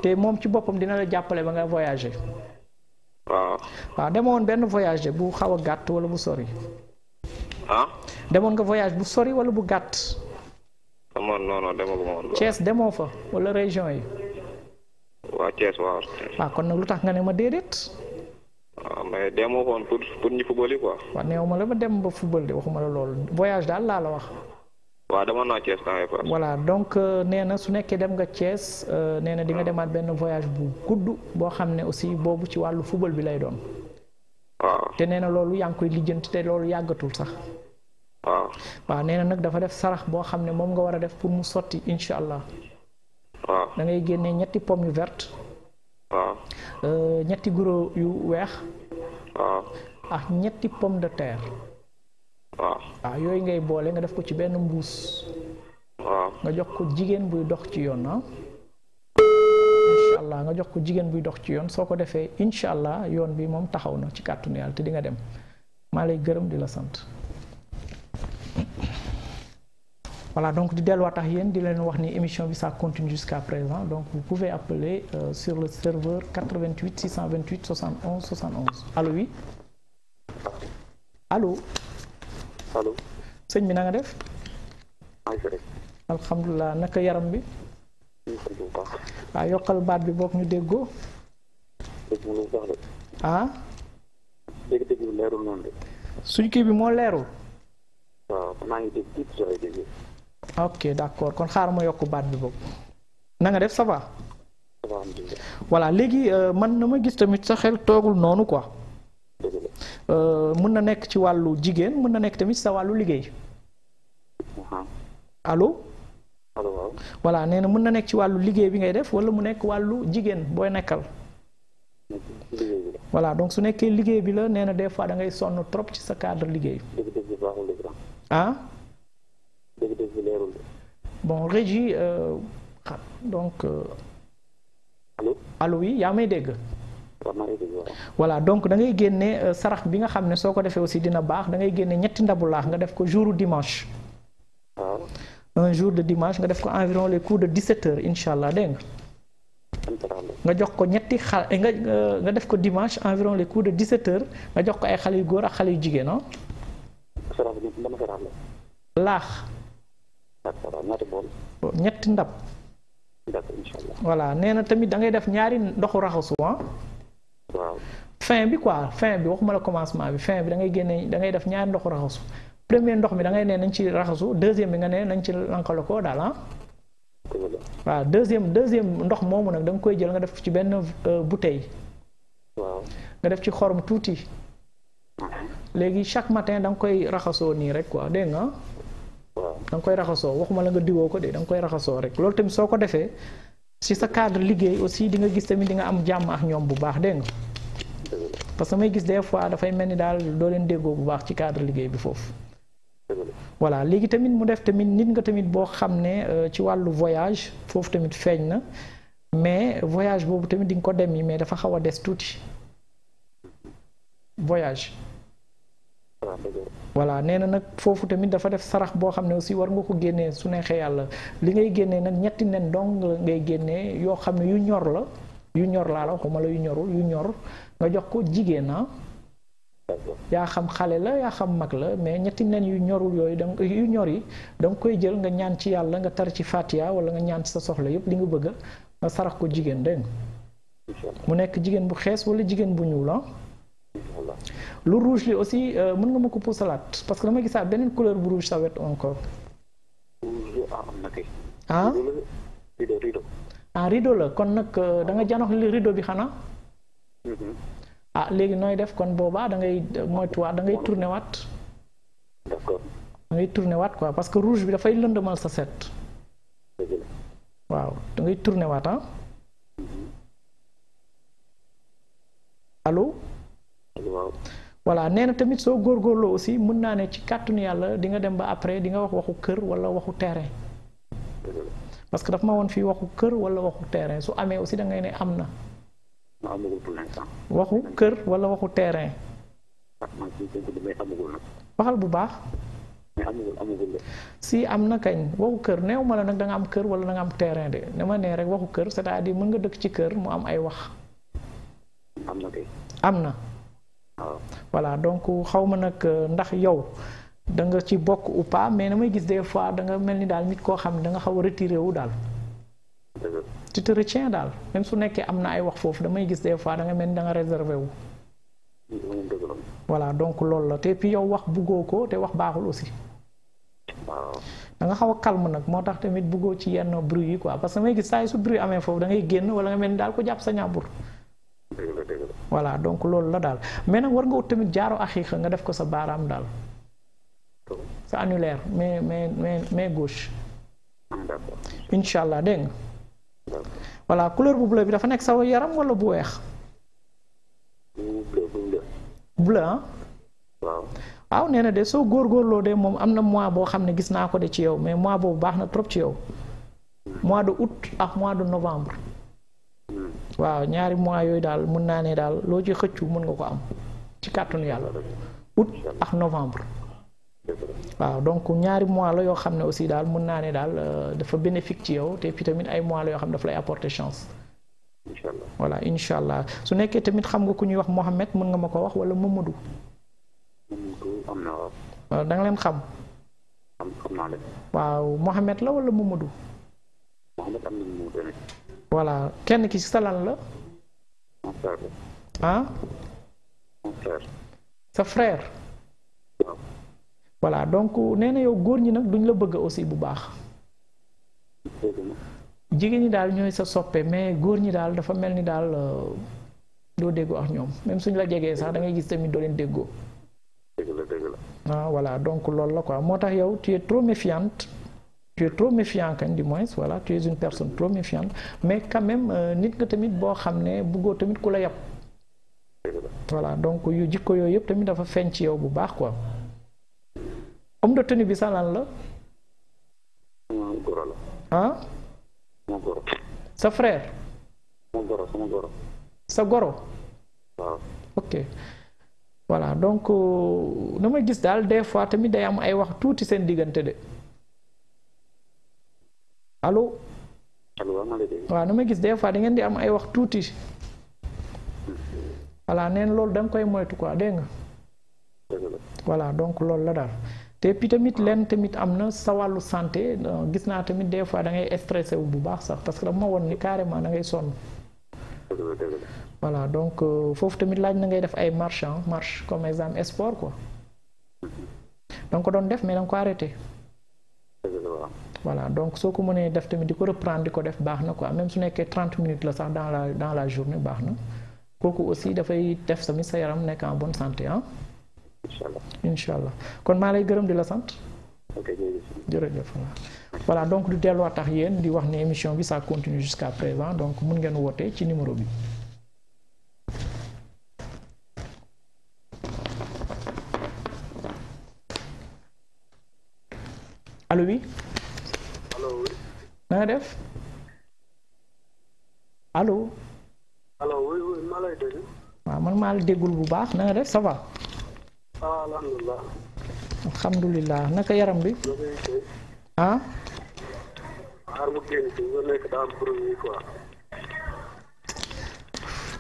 te moom ci boppam dina la jàppale ba nga voyager ah. waaw demoon benn voyage bu xaw a gàtt wala bu sori ah demoon nga voyage bu sori wala bu gàtt amoon non non demoo fa wala région yi waaw Thiès waaw waaw kon nag lu tax nga ne ma déedéet waaw ah, mais demoo woon pour pour ñu football yi quoi waaw neew ma la ma dem ba football de waxuma la loolu voyage daal laa la wax waaw dama noo Thiès temps donc euh, nee na su nekkee dem nga Thiès euh, nee na di nga demaat benn voyage bu gudd boo xam ne aussi boobu ci wàllu football bi lay doon. te nee na loolu yaa ngi koy lijjanti te loolu yàggatul sax. waaw waaw nee na nag dafa def sarax boo xam ne moom nga war a def pour mu sotti incha allah. waaw da génnee ñetti pomme yu verte. Euh, ñetti guro yu weex. waaw ñetti pomme de terre. ah waaw ah, ngay bolé nga def ko ci benn mbuus. waaw ah. nga jox ko jigen buy dox ci yoon ah. incha nga jox ko jigen buy dox ci yoon soko ko inshallah incha yoon bi mom taxaw na ci carton yalla te di nga dem ma lay gërëm di la sante Voilà, donc di di len wax ni émission bi ça continue jusqu'à présent. Donc vous pouvez appeler euh, sur le serveur 88 628 71 71. Allô oui Allô allo. sëñ bi nanga def. alhamdulilah naka yaram bi. waaw ah, yokkal baat bi boog ñu déggoo. ah. suñ kii bi moo leerul. ok d'accord kon xaar ma yokk baat bi boog. na def saba va. voilà léegi euh, man na ma gis tamit sa xel toogul noonu quoi. Euh, mën na nekk ci wàllu jigéen mën na nekk tamit sa wàllu liggéey allo voilà nee na mën na nekk ci wàllu liggéey bi ngay def wala mu nekk wàllu jigéen booy nekkal voilà donc su nekkee liggéey bi la nee na des fois da ngay sonn trop ci sa cadre liggéey ah bon Régis euh, ah, donc euh, allo oui yaa may dégg voilà donc da ngay guenné euh, sarax bi nga xamné soko défé aussi dina bax da ngay guenné ñetti ndabu nga def ko jouru dimanche un jour de dimanche nga def ko environ les coups de 17 h inshallah deng nga jox ko ñetti xal eh, nga euh, nga def ko dimanche environ les coups de 17 h nga jox ko ay xale yu góor ak xale yu jigéen ah laax ñetti ndab voilà nee tamit da ngay def ñaari ndoxu raxasu ah waaw fin bi quoi fin bi waxuma la commencement bi fin bi da ngay génne dangay def ñaari ndoxu raxasu premier ndox mi dangay ngay nañ ci raxasu deuxième bi nga ne nañ ci lankale ko daal ah. waaw deuxième deuxième ndox moomu nag da nga koy jël nga def ci benn euh, bu tey nga def ci xorom tuuti. Mm-hmm. léegi chaque matin da nga koy raxasoo nii rek quoi dégg nga. da nga koy raxasoo waxuma la nga diwoo ko de danga koy raxasoo rek loolu tamit soo ko defee. ci sa cadre liggéey aussi di nga gis tamit di nga am jàmm ak ñoom bu baax dégg nga parce que may gis des fois dafay mel ni daal doo leen déggoo bu baax ci cadre liggéey bi foofu. voilà léegi tamit mu def tamit nit nga tamit boo xam ne euh, ci wàllu voyage foofu tamit feeñ na mais voyage boobu tamit di nga ko dem yi mais dafa xaw a des tuuti voyage. voilà nee na nag foofu tamit dafa def sarax boo xam ne aussi war nga ko génnee su neexee yàlla li ngay génnee nag ñetti nen dong la ngay génnee yoo xam ne yu ñor la yu ñor laa la yu ñorul yu ñor nga jox ko jigéen ah yaa xam xale la yaa xam mag la mais ñetti nen yu ñorul yooyu da nga ñor yi da koy jël nga ñaan ci yàlla nga tar ci fatiya wala nga ñaan ci sa soxla yëpp li nga bëgg nga sarax ko jigéen dégg mu nekk jigéen bu xees wala jigéen bu ñuula ah. lu rouge li aussi euh, mën nga ma ko puusalaat parce que dama gisaat beneen couleur bu rouge sa wet encore. Ah? Ah? Ah, rideau la kon nag euh, danga nga janox li rideau bi xanaa. Mhm. ah léegi nooy def kon boobaa da ngay moytuwaat da ngay tourné waat. d'accord. da ngay tourné quoi parce que rouge bi dafay lëndëmal sa set. waaw da ngay tourné voilà tamit na gor gor lo aussi mën na ne ci carton yalla di nga dem ba après di nga wax waxu kër wala waxu terrain parce que daf ma won fi waxu kër wala waxu terrain su amé aussi da ngay né amna waxu kër wala waxu terrain waxal bu baax si amna kain, kañ waxu kër neew ma la da nga am kër wala da nga am terrain de ne ma nee rek waxu kër c'est-à-dire mën nga dëkk ci kër mu am ay wax amna voilà donc xaw ma nag euh, ndax yow da nga ci bokk ou pas mais damay gis des fois da nga mel ni daal nit koo xam ne da nga xaw a retiré wu daal. tu te daal même su nekkee am na ay wax foofu damay gis des fois da nga mel ni da nga réservé wu. voilà donc loolu la te puis yow wax buggoo ko te wax baaxul aussi. danga xaw a calme nag moo tax tamit buggoo ci yenn bruit yi ko parce que damay gis saa su bruit amee foofu da génn wala nga mel ni daal ko jàpp sa ñàmbur. voilà donc loolu la daal mais na war nga wut tamit jaaro axiixa nga def ko sa baaraam daal sa annulaire mais mais mais mais gauche incha allah dégg nga voilà couleur bu bleu bi dafa nekk sa yaram wala bu weex bleu ah waaw nee na de soo góor góorloo de moom am na mois boo xam ne gis naa ko de ci yow mais mois boobu baax na trop ci yow hmm. mois de août ak mois de novembre waaw ñaari mois yooyu daal mun naa ne daal loo ci xëccu mun nga ko am ci kàttanu yàlla août ak novembre waaw donc ñaari mois la yoo xam ne aussi daal mun naa ne daal euh, dafa bénéfique ci yow te puis tamit ay mois la yoo xam ne dafa lay apporter chance voilà incha allah su nekkee tamit xam nga ku ñuy wax Mohamed mën nga ma ko wax wala Mamadou da leen xam waaw Mohamed la wala Mamadou voilà kenn ki sa la. ah. sa frère. voilà donc nee na yow góor ñi nag duñ la bëgg aussi bu baax. jigéen ñi daal ñooy sa soppe mais góor ñi daal dafa mel ni daal euh, doo déggoo ak ñoom même suñ la jegee sax da ngay gis tamit doo leen déggoo. dëgg la dëgg la. ah voilà donc loolu la moo tax yow tu es trop méfiante. tu es trop méfiant quand du moins voilà tu es une personne trop méfiante mais quand même euh, nit nga tamit bo xamné ne bëggoo tamit kula yapp voilà donc yu jikko yooyu yëpp tamit dafa feeñ ci yow bu baax quoi homme de tenue bi sa lan la ah sa frère sa goro ok voilà donc euh, na ma gis daal des fois tamit day am ay wax tuuti seen diggante de allo. allo waaw nu ma gis des fois da ngeen di am ay wax tuuti. voilà neen loolu da nga koy moytu quoi dégg nga. voilà donc loolu la daal te puis tamit ah. lenn tamit am na sa wàllu santé euh, gis naa tamit des fois da ngay stressé wu bu baax sax parce que dama woon ni carrément dangay ngay sonn. voilà donc euh, foofu tamit laaj na ngay def ay marche ah marche comme exemple sport quoi. Mm-hmm. da ko doon def mais da nga ko arrêté. voilà donc ce que mënee def tamit diko reprendre diko def baxna quoi même su nekkee 30 minutes la sax dans la dans la journée baxna na kooku aussi dafay def tamit sa yaram nekk en bonne santé hein ah. Inshallah. inshallah kon ma lay gërëm di la sant. jërëjëf voilà donc du delluwaat tax yéen di wax ne émission bi ça continue jusqu'à présent donc mën ngeen woté ci numéro bi. Allô, oui. na def allo. allo man maa la déggul bu baax na def ça va. Ah, naka yaram bi. ah. xaar mu génn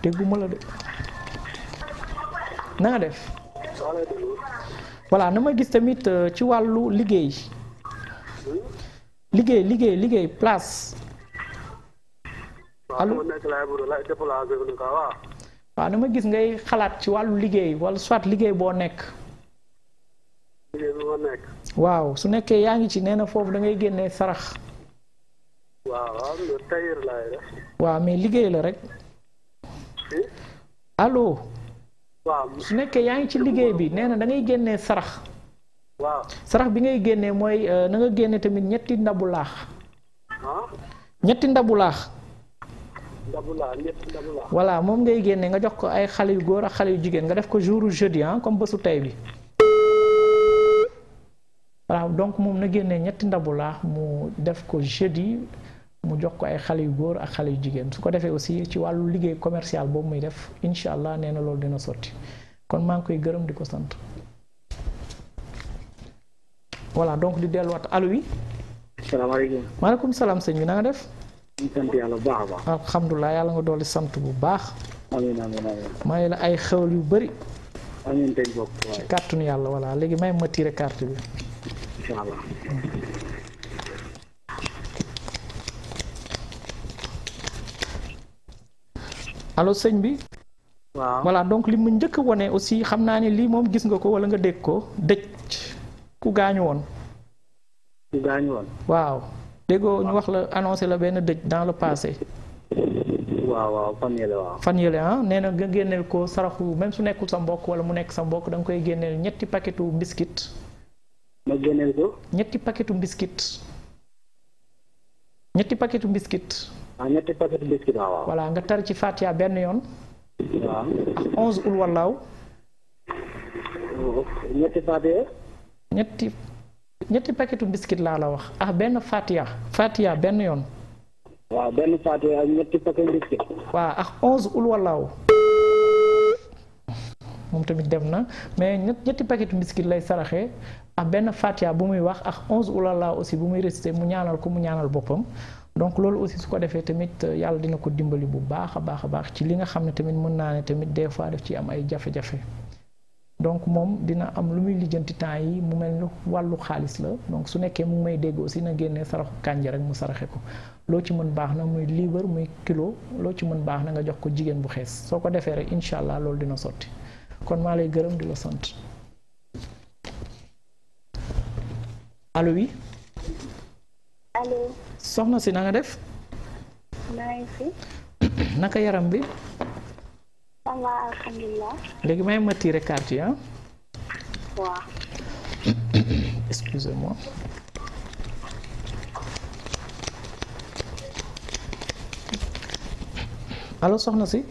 dégguma la de na def. voilà na ma gis tamit euh, ci wàllu liggéey. Hmm? liggéey liggéey liggéey place. allo waaw dama gis ngay xalaat ci wàllu liggéey wala soit liggéey boo nekk. waaw su nekkee yaa ngi ci nee na foofu da ngay génnee sarax. waaw waaw mais liggéey la rek. allo. waaw su nekkee yaa ngi ci liggéey bi nee na da ngay génnee sarax. waaw sarax bi ngay génnee mooy euh, nanga nga génne tamit ñetti ndabu laax. ñetti ndabu laax. ndabu moom ngay génne nga jox ko ay xale yu góor ak xale yu jigéen nga def ko jour jeudi comme bésu tey bi. voilà donc moom na génnee ñetti ndabu laax mu def ko jeudi mu jox ko ay xale yu góor ak xale yu jigéen su ko defee aussi ci wàllu liggéey commercial boobu muy def incha allah nee na loolu dina sotti kon maa ngi koy gërëm di ko sant. voilà donc di delluwaat alo yi. salaamaaleykum. salaam sëñ bi na nga def. ñu sant bu baax a ay xewal yu bëri. amiin tey bokk sëñ bi. waaw voilà donc li mu njëkk wone wane aussi xam naa ne lii moom gis nga ko wala nga dégg ko dëj. ku gaañu woon. ku gaañu woon. waaw déggoo ñu wax la annoncé la benn dëj dans le passé. waaw waaw fan yële waaw. fan ah, nee na nga génneel ko saraxu même su nekkul sa mbokk wala mu nekk sa mbokk danga koy génneel ñetti paquetu biscuit. ma génneel ko. ñetti paquetu mbiskit ñetti paquetu biscuit. Ah, nga tar ci Fatiha benn yoon. ñetti ñetti paquetu biscuit laa la wax ah benn Fatia Fatia benn yoon. waaw benn Fatia ak ñetti paquet biscuit. waaw ak onze ul moom tamit dem na mais ñetti paquetu biscuit lay saraxee ak ah, benn Fatia bu muy wax ak onze ul walaaw aussi bu muy récité mu ñaanal ko mu ñaanal boppam. donc loolu aussi su ko defee tamit euh, yàlla dina ko dimbali bu baax a baax a baax ci li nga xam ne tamit mën naa ne tamit des fois daf ci am ay jafe-jafe. donc moom dina am lu muy lijjanti temps yi mu mel ni wàllu xaalis la donc su nekkee mu may dégg aussi na génnee saraxu kànja rek mu saraxe ko loo ci mën baax na muy liibar muy kilo loo ci mën baax na nga jox ko jigéen bu xees soo ko defee rek incha allah loolu dina sotti kon maa lay gërëm di la sant allo oui. allo. soxna si nanga def. naka yaram bi. ça va may ma tiire carte y'a. Hein? Waouh. excusez-moi. Allô, soxna si.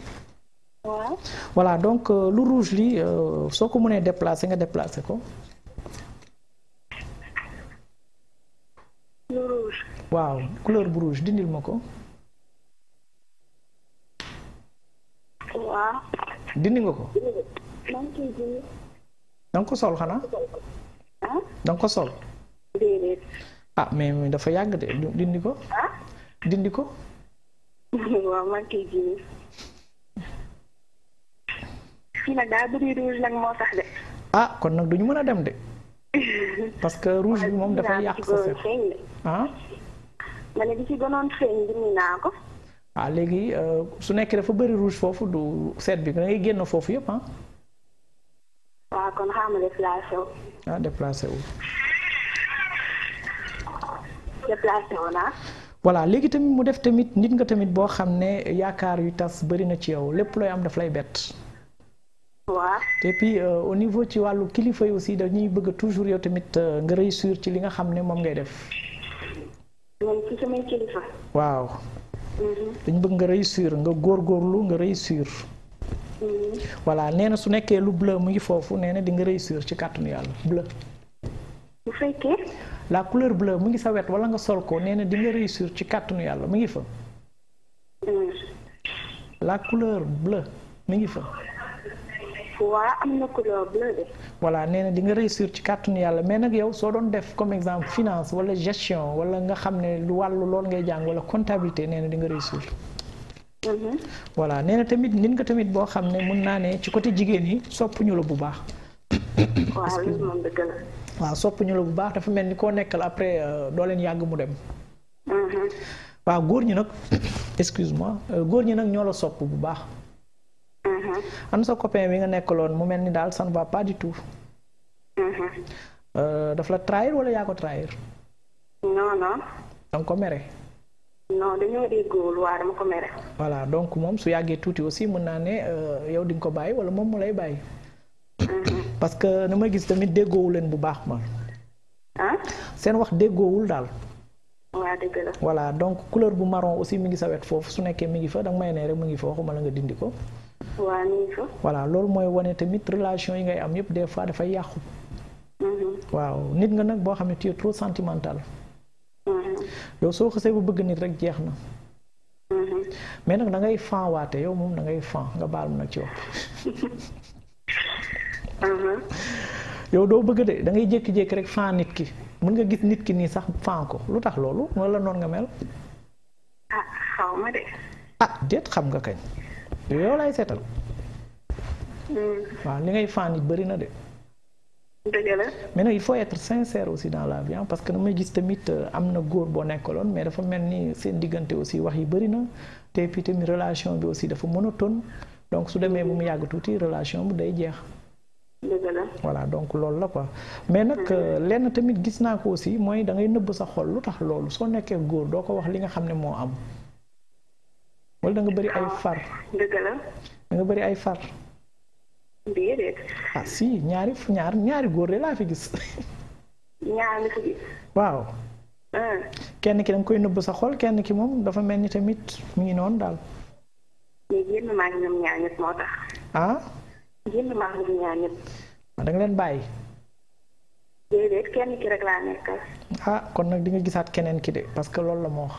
waaw. voilà donc euh, le rouge li euh, soo ko mënee déplacer nga déplacer ko. Le rouge. waaw couleur rouge dindil mako. waaw. dindi nga ko. danga ko sol xanaa. Ah? danga ko sol. déedéet. ah mais dafa yàgg de dindi ko. ah. dindi ko. nag daa bëri rouge nag moo ah kon nag duñu mën a dem de. parce que rouge bi moom dafay yàq sa. ah. ma ne ci gënoon feeñ dindi naa ko. waa ah, léegi euh, su nekkee dafa bëri rouge foofu du seet bi dangay génn foofu yëpp ah. waaw kon xam nga déplacé wu. ah voilà léegi tamit mu def tamit nit nga tamit boo xam ne yaakaar yu tas bëri na ci yow lépp looy am daf lay bett. waa te pi euh, au niveau ci wàllu kilifa yi aussi dañuy bëgg toujours yow tamit euh, nga réussir ci li nga xam ne moom ngay def. waaw. dañ bëgg nga réussir nga góor góorlu nga réussir. voilà nee na su nekkee lu bleu mu ngi foofu nee na di nga réussir ci kàttanu yàlla bleu. la couleur bleue mu ngi sa wet wala nga sol ko nee na di nga réussir ci kàttanu yàlla mu ngi fa. la couleur bleue mu ngi fa. waa am na couleur bleu de. voilà nee na di nga réussir ci kàttanu yàlla mais nag yow soo doon def comme exemple finance wala gestion wala nga xam ne lu wàllu lool ngay jàng wala comptabilité nee na di nga réussir. Mhm. voilà nee na tamit nit nga tamit boo xam ne mun naa ne ci côté jigéen yi soppuñu la bu baax. waaw loolu moom la. soppuñu la bu baax dafa mel ni koo nekkal après euh, doo leen yàgg mu dem. Mhm. waaw góor ñi nag excuse euh, góor ñi nag ñoo la sopp bu baax. ana sa copain bi nga nekkaloon mu mel ni daal ça ne va pas du tout. daf la trahir wala yaa ko trahir. non non. danga ko mere. non dañoo déggoo waaye dama ko mere. voilà donc moom su yàggee tuuti aussi mën naa ne eh, yow di nga ko bàyyi wala moom mu lay bàyyi. Mhm. parce que na ma gis tamit déggoowul leen bu baax ma. Ah? seen wax déggoowul daal. waaw voilà donc couleur bu marron aussi mi ngi sa wet foofu su nekkee mi ngi fa danga may ne rek mi ngi fa waxuma la nga dindi ko. waaw ñu ngi fa. loolu mooy wane tamit relation yi ngay am yëpp des fois dafay yàqu. Mm-hmm. waaw nit nga nag boo xam ne tu es trop sentimental. Mm-hmm. yow soo xasee bu bëgg nit rek jeex na. Mm-hmm. mais nag dangay ngay waate yow moom dangay ngay nga baal ma nag ci wax. Uh-huh. yow doo bëgg de da jékki-jékki rek fan nit ki mën nga gis nit ki nii sax fan ko lu tax loolu wala noonu nga mel. ah xaw ah, xam nga kañ. yow lay seetal. waaw li ngay faan yi na de. dëgg la mais nag il faut être sincère aussi dans la vie parce que damay gis tamit uh, am na góor boo nekkaloon mais dafa mel ni seen diggante aussi wax yi bari na te puis tamit relation bi aussi dafa monotone donc su demee bu mu yàgg tuuti relation bu day jeex. voilà donc loolu la quoi mais nag uh, lenn tamit gis na ko aussi mooy da ngay nëbb sa xol lu tax so soo nekkee góor doo ko wax li nga xam ne moo am wala nga bari ay far. deugala aifar. nga bari ay far. déedéet. ah si ñaari ñaar ñaari goor de laa fi gis. ñaar fi gis. waaw. kenn ki dang koy nëbb sa xol kenn ki mom dafa melni tamit mi ngi non dal ngi ñaar ah. génn maa ngi ñaar ñëpp. da nga leen bàyyi. kenn ki rek nekkal. ah kon nag di nga gisaat keneen ki de parce que la wax.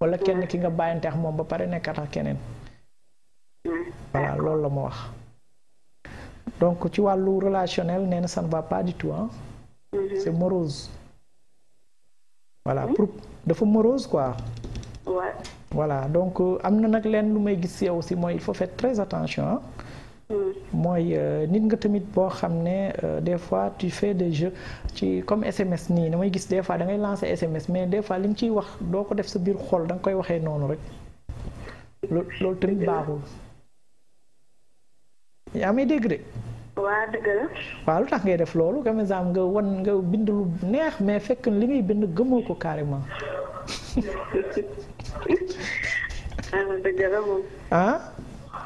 wala kenn ki nga bàyyante ak moom ba pare nekkat ak keneen voilà loolu la ma wax donc ci wàllu relationnel nee na ça ne va pas du tout ah c'est morose voilà pour dafa morose quoi voilà donc euh, am na nag leen lu may gis si yow mooy il faut faire très attention hein. mooy euh, nit nga tamit boo xam ne euh, des fois tu fais des jeu ci comme SMS nii damay gis des fois da ngay lancer SMS mais des fois li nga ciy wax doo ko def sa biir xol danga koy waxee noonu rek loolu tamit baaxul. yaa may dégg waa lu tax ngay def loolu comme exemple nga wan nga bind lu neex mais fekk li muy bind gëmoo ko carrément. ah.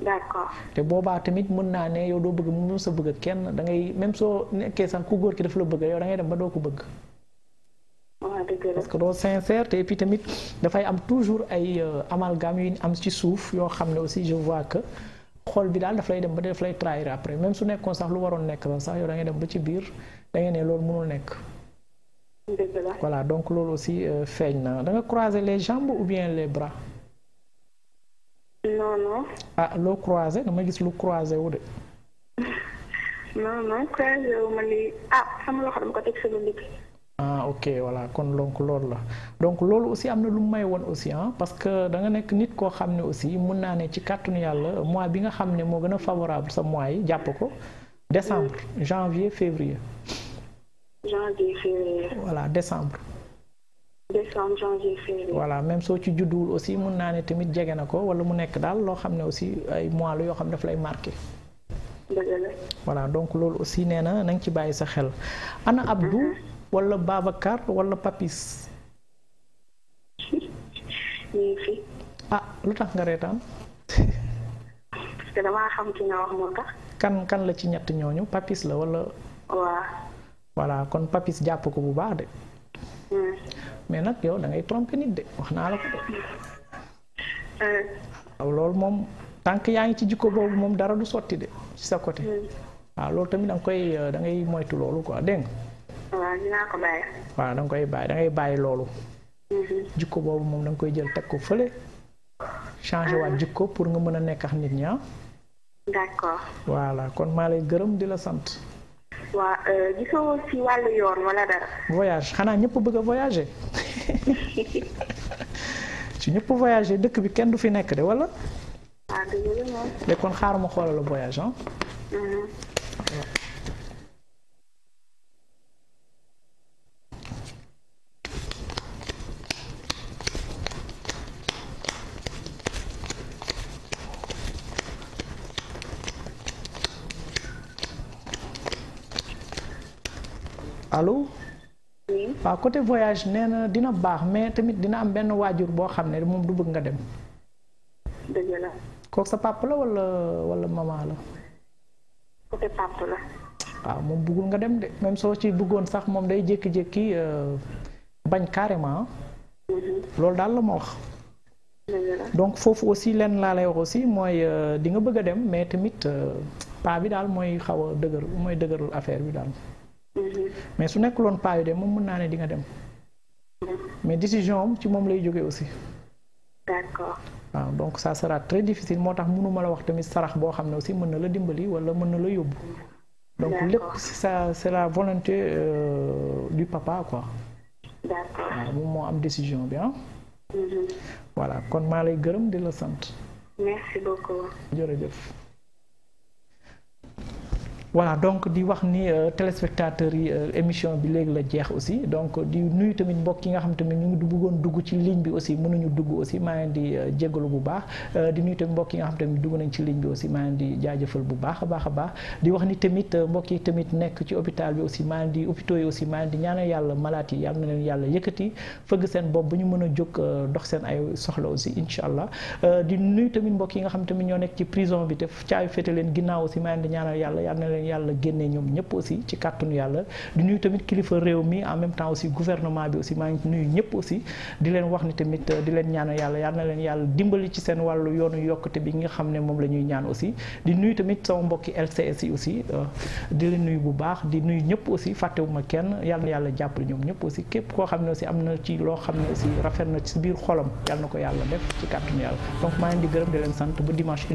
d'accord te boobaa tamit yow bëgg bëgg kenn da ngay même ku ki dafa la bëgg yow da ngay dem ba ko bëgg. parce que sincère et puis tamit toujours ay euh, amalgame am ci aussi je vois que xol bi dem ba trahir après même su sax lu sax yow da ngay dem ci ne mënul voilà donc aussi euh, na da nga croiser les jambes ou bien les bras. non non. ah lo croisé dama gis lu croisé wu de. non non croisé wu ma ah sama loxo dama ko teg sama ndigg. ah ok voilà kon donc loolu la donc loolu aussi am na lu may woon aussi ah parce que da nga nekk nit koo xam ne aussi mun naa ne ci kàttanu yàlla mois bi nga xam ne moo gën a favorable sa mois yi jàpp ko décembre mm. janvier février. janvier février. voilà décembre voilà même soo ci judduwul aussi mun naa ne tamit jege na wala mu nekk daal ne aussi ay mois la yoo xam ne daf marqué. voilà donc loolu aussi nee na ci sa xel. ana Abdou mhm. wala Babacar wala Papis. ah lu tax nga rétan parce xam kan kan la ci ñett ñooñu Papis la wala. waaw. voilà kon Papis jàpp ko bu baax mais nag yow dangay ngay nit de wax naa la ko loolu moom tànk yaa ngi ci jikko boobu moom dara du sotti de ci sa côté. waa loolu tamit da nga koy euh, dangay moytu loolu quoi dégg nga. ko bàyyi. waaw da koy bàyyi da bàyyi loolu. jikko boobu moom da koy jël teg ko fële. changé waat jikko pour nga mën a nekk ak nit ñaa ah. d'accord voilà kon maa lay gërëm di la sant. waa euh, gisoo ci wàllu yoon wala dara. voyage xanaa ñëpp bëgg a voyager su ñëpp voyager dëkk bi kenn du fi nekk de wala. waaw ah, dëgg la kon xaar ma xoolal voyage ah. allo. oui waaw côté voyage nee dina bax mais tamit dina am ben wajur bo xamné mom du bëgg nga dem. deug la. sa papa la wala wala mama la. côté papa la. waaw mom bëggul nga dem de même so ci bëggoon sax mom day ki euh bañ carrément. Mhm. lool dal la ma wax. donc fofu aussi lenn la lay wax aussi moy euh, di nga bëgg dem mais tamit euh, pa bi dal moy xawa a moy mooy affaire bi dal Mhm. mais su nekkuloon paa yu dem mom mën naa ne di nga dem. mais décision am ci mom lay jógee aussi. d'accord donc ça sera très difficile motax tax mënuma la wax tamit sarax bo xamné aussi mën na la dimbali wala mën na la yóbbu. donc lépp ça c'est la volonté euh, du papa quoi. d'accord waaw moom am décision bi ah. voilà kon maa lay gërëm di la sante. merci beaucoup. jërëjëf. voilà donc di wax ni euh, téléspectateurs yi euh, émission bi léegi la jeex aussi donc di nuyu tamit mbokk yi nga xam tamit ñu ngi bëggoon dugg ci ligne bi aussi mënuñu dugg aussi maa ngi di euh, bu baax di mbokk yi nga xam tamit dugg nañ ci ligne bi aussi maa di jaajëfal bu baax a baax a wax ni tamit mbokk yi tamit nekk ci hôpital bi aussi maa di hôpitaux yi aussi maa di ñaanal yàlla malade yi yàlla na leen yàlla yëkkati fëgg seen ñu mën a jóg dox seen ay soxla aussi incha allah di nuyu tamit mbokk yi nga xam tamit ñoo nekk ci prison bi te caabi féete leen ginnaaw aussi maa ngi di yàlla yàlla na leen leen yàlla génnee ñoom ñëpp aussi ci kàttanu yàlla di nuyu tamit kilifa réew mi en même temps aussi gouvernement bi aussi maa ngi nuyu ñëpp aussi di leen wax ni tamit euh, di leen ñaanal yàlla yal na leen yàlla dimbali ci seen wàllu yoonu yokkute bi nga xam ne moom la ñuy ñaan aussi di nuyu tamit sama mbokki LCS yi aussi euh, di leen nuyu bu baax di nuyu ñëpp aussi fàttewuma kenn yal na yàlla jàppale ñoom ñëpp aussi képp koo xam ne aussi am na ci loo xam ne aussi rafet na ci biir ko yàlla def ci di gërëm di leen sant ba dimanche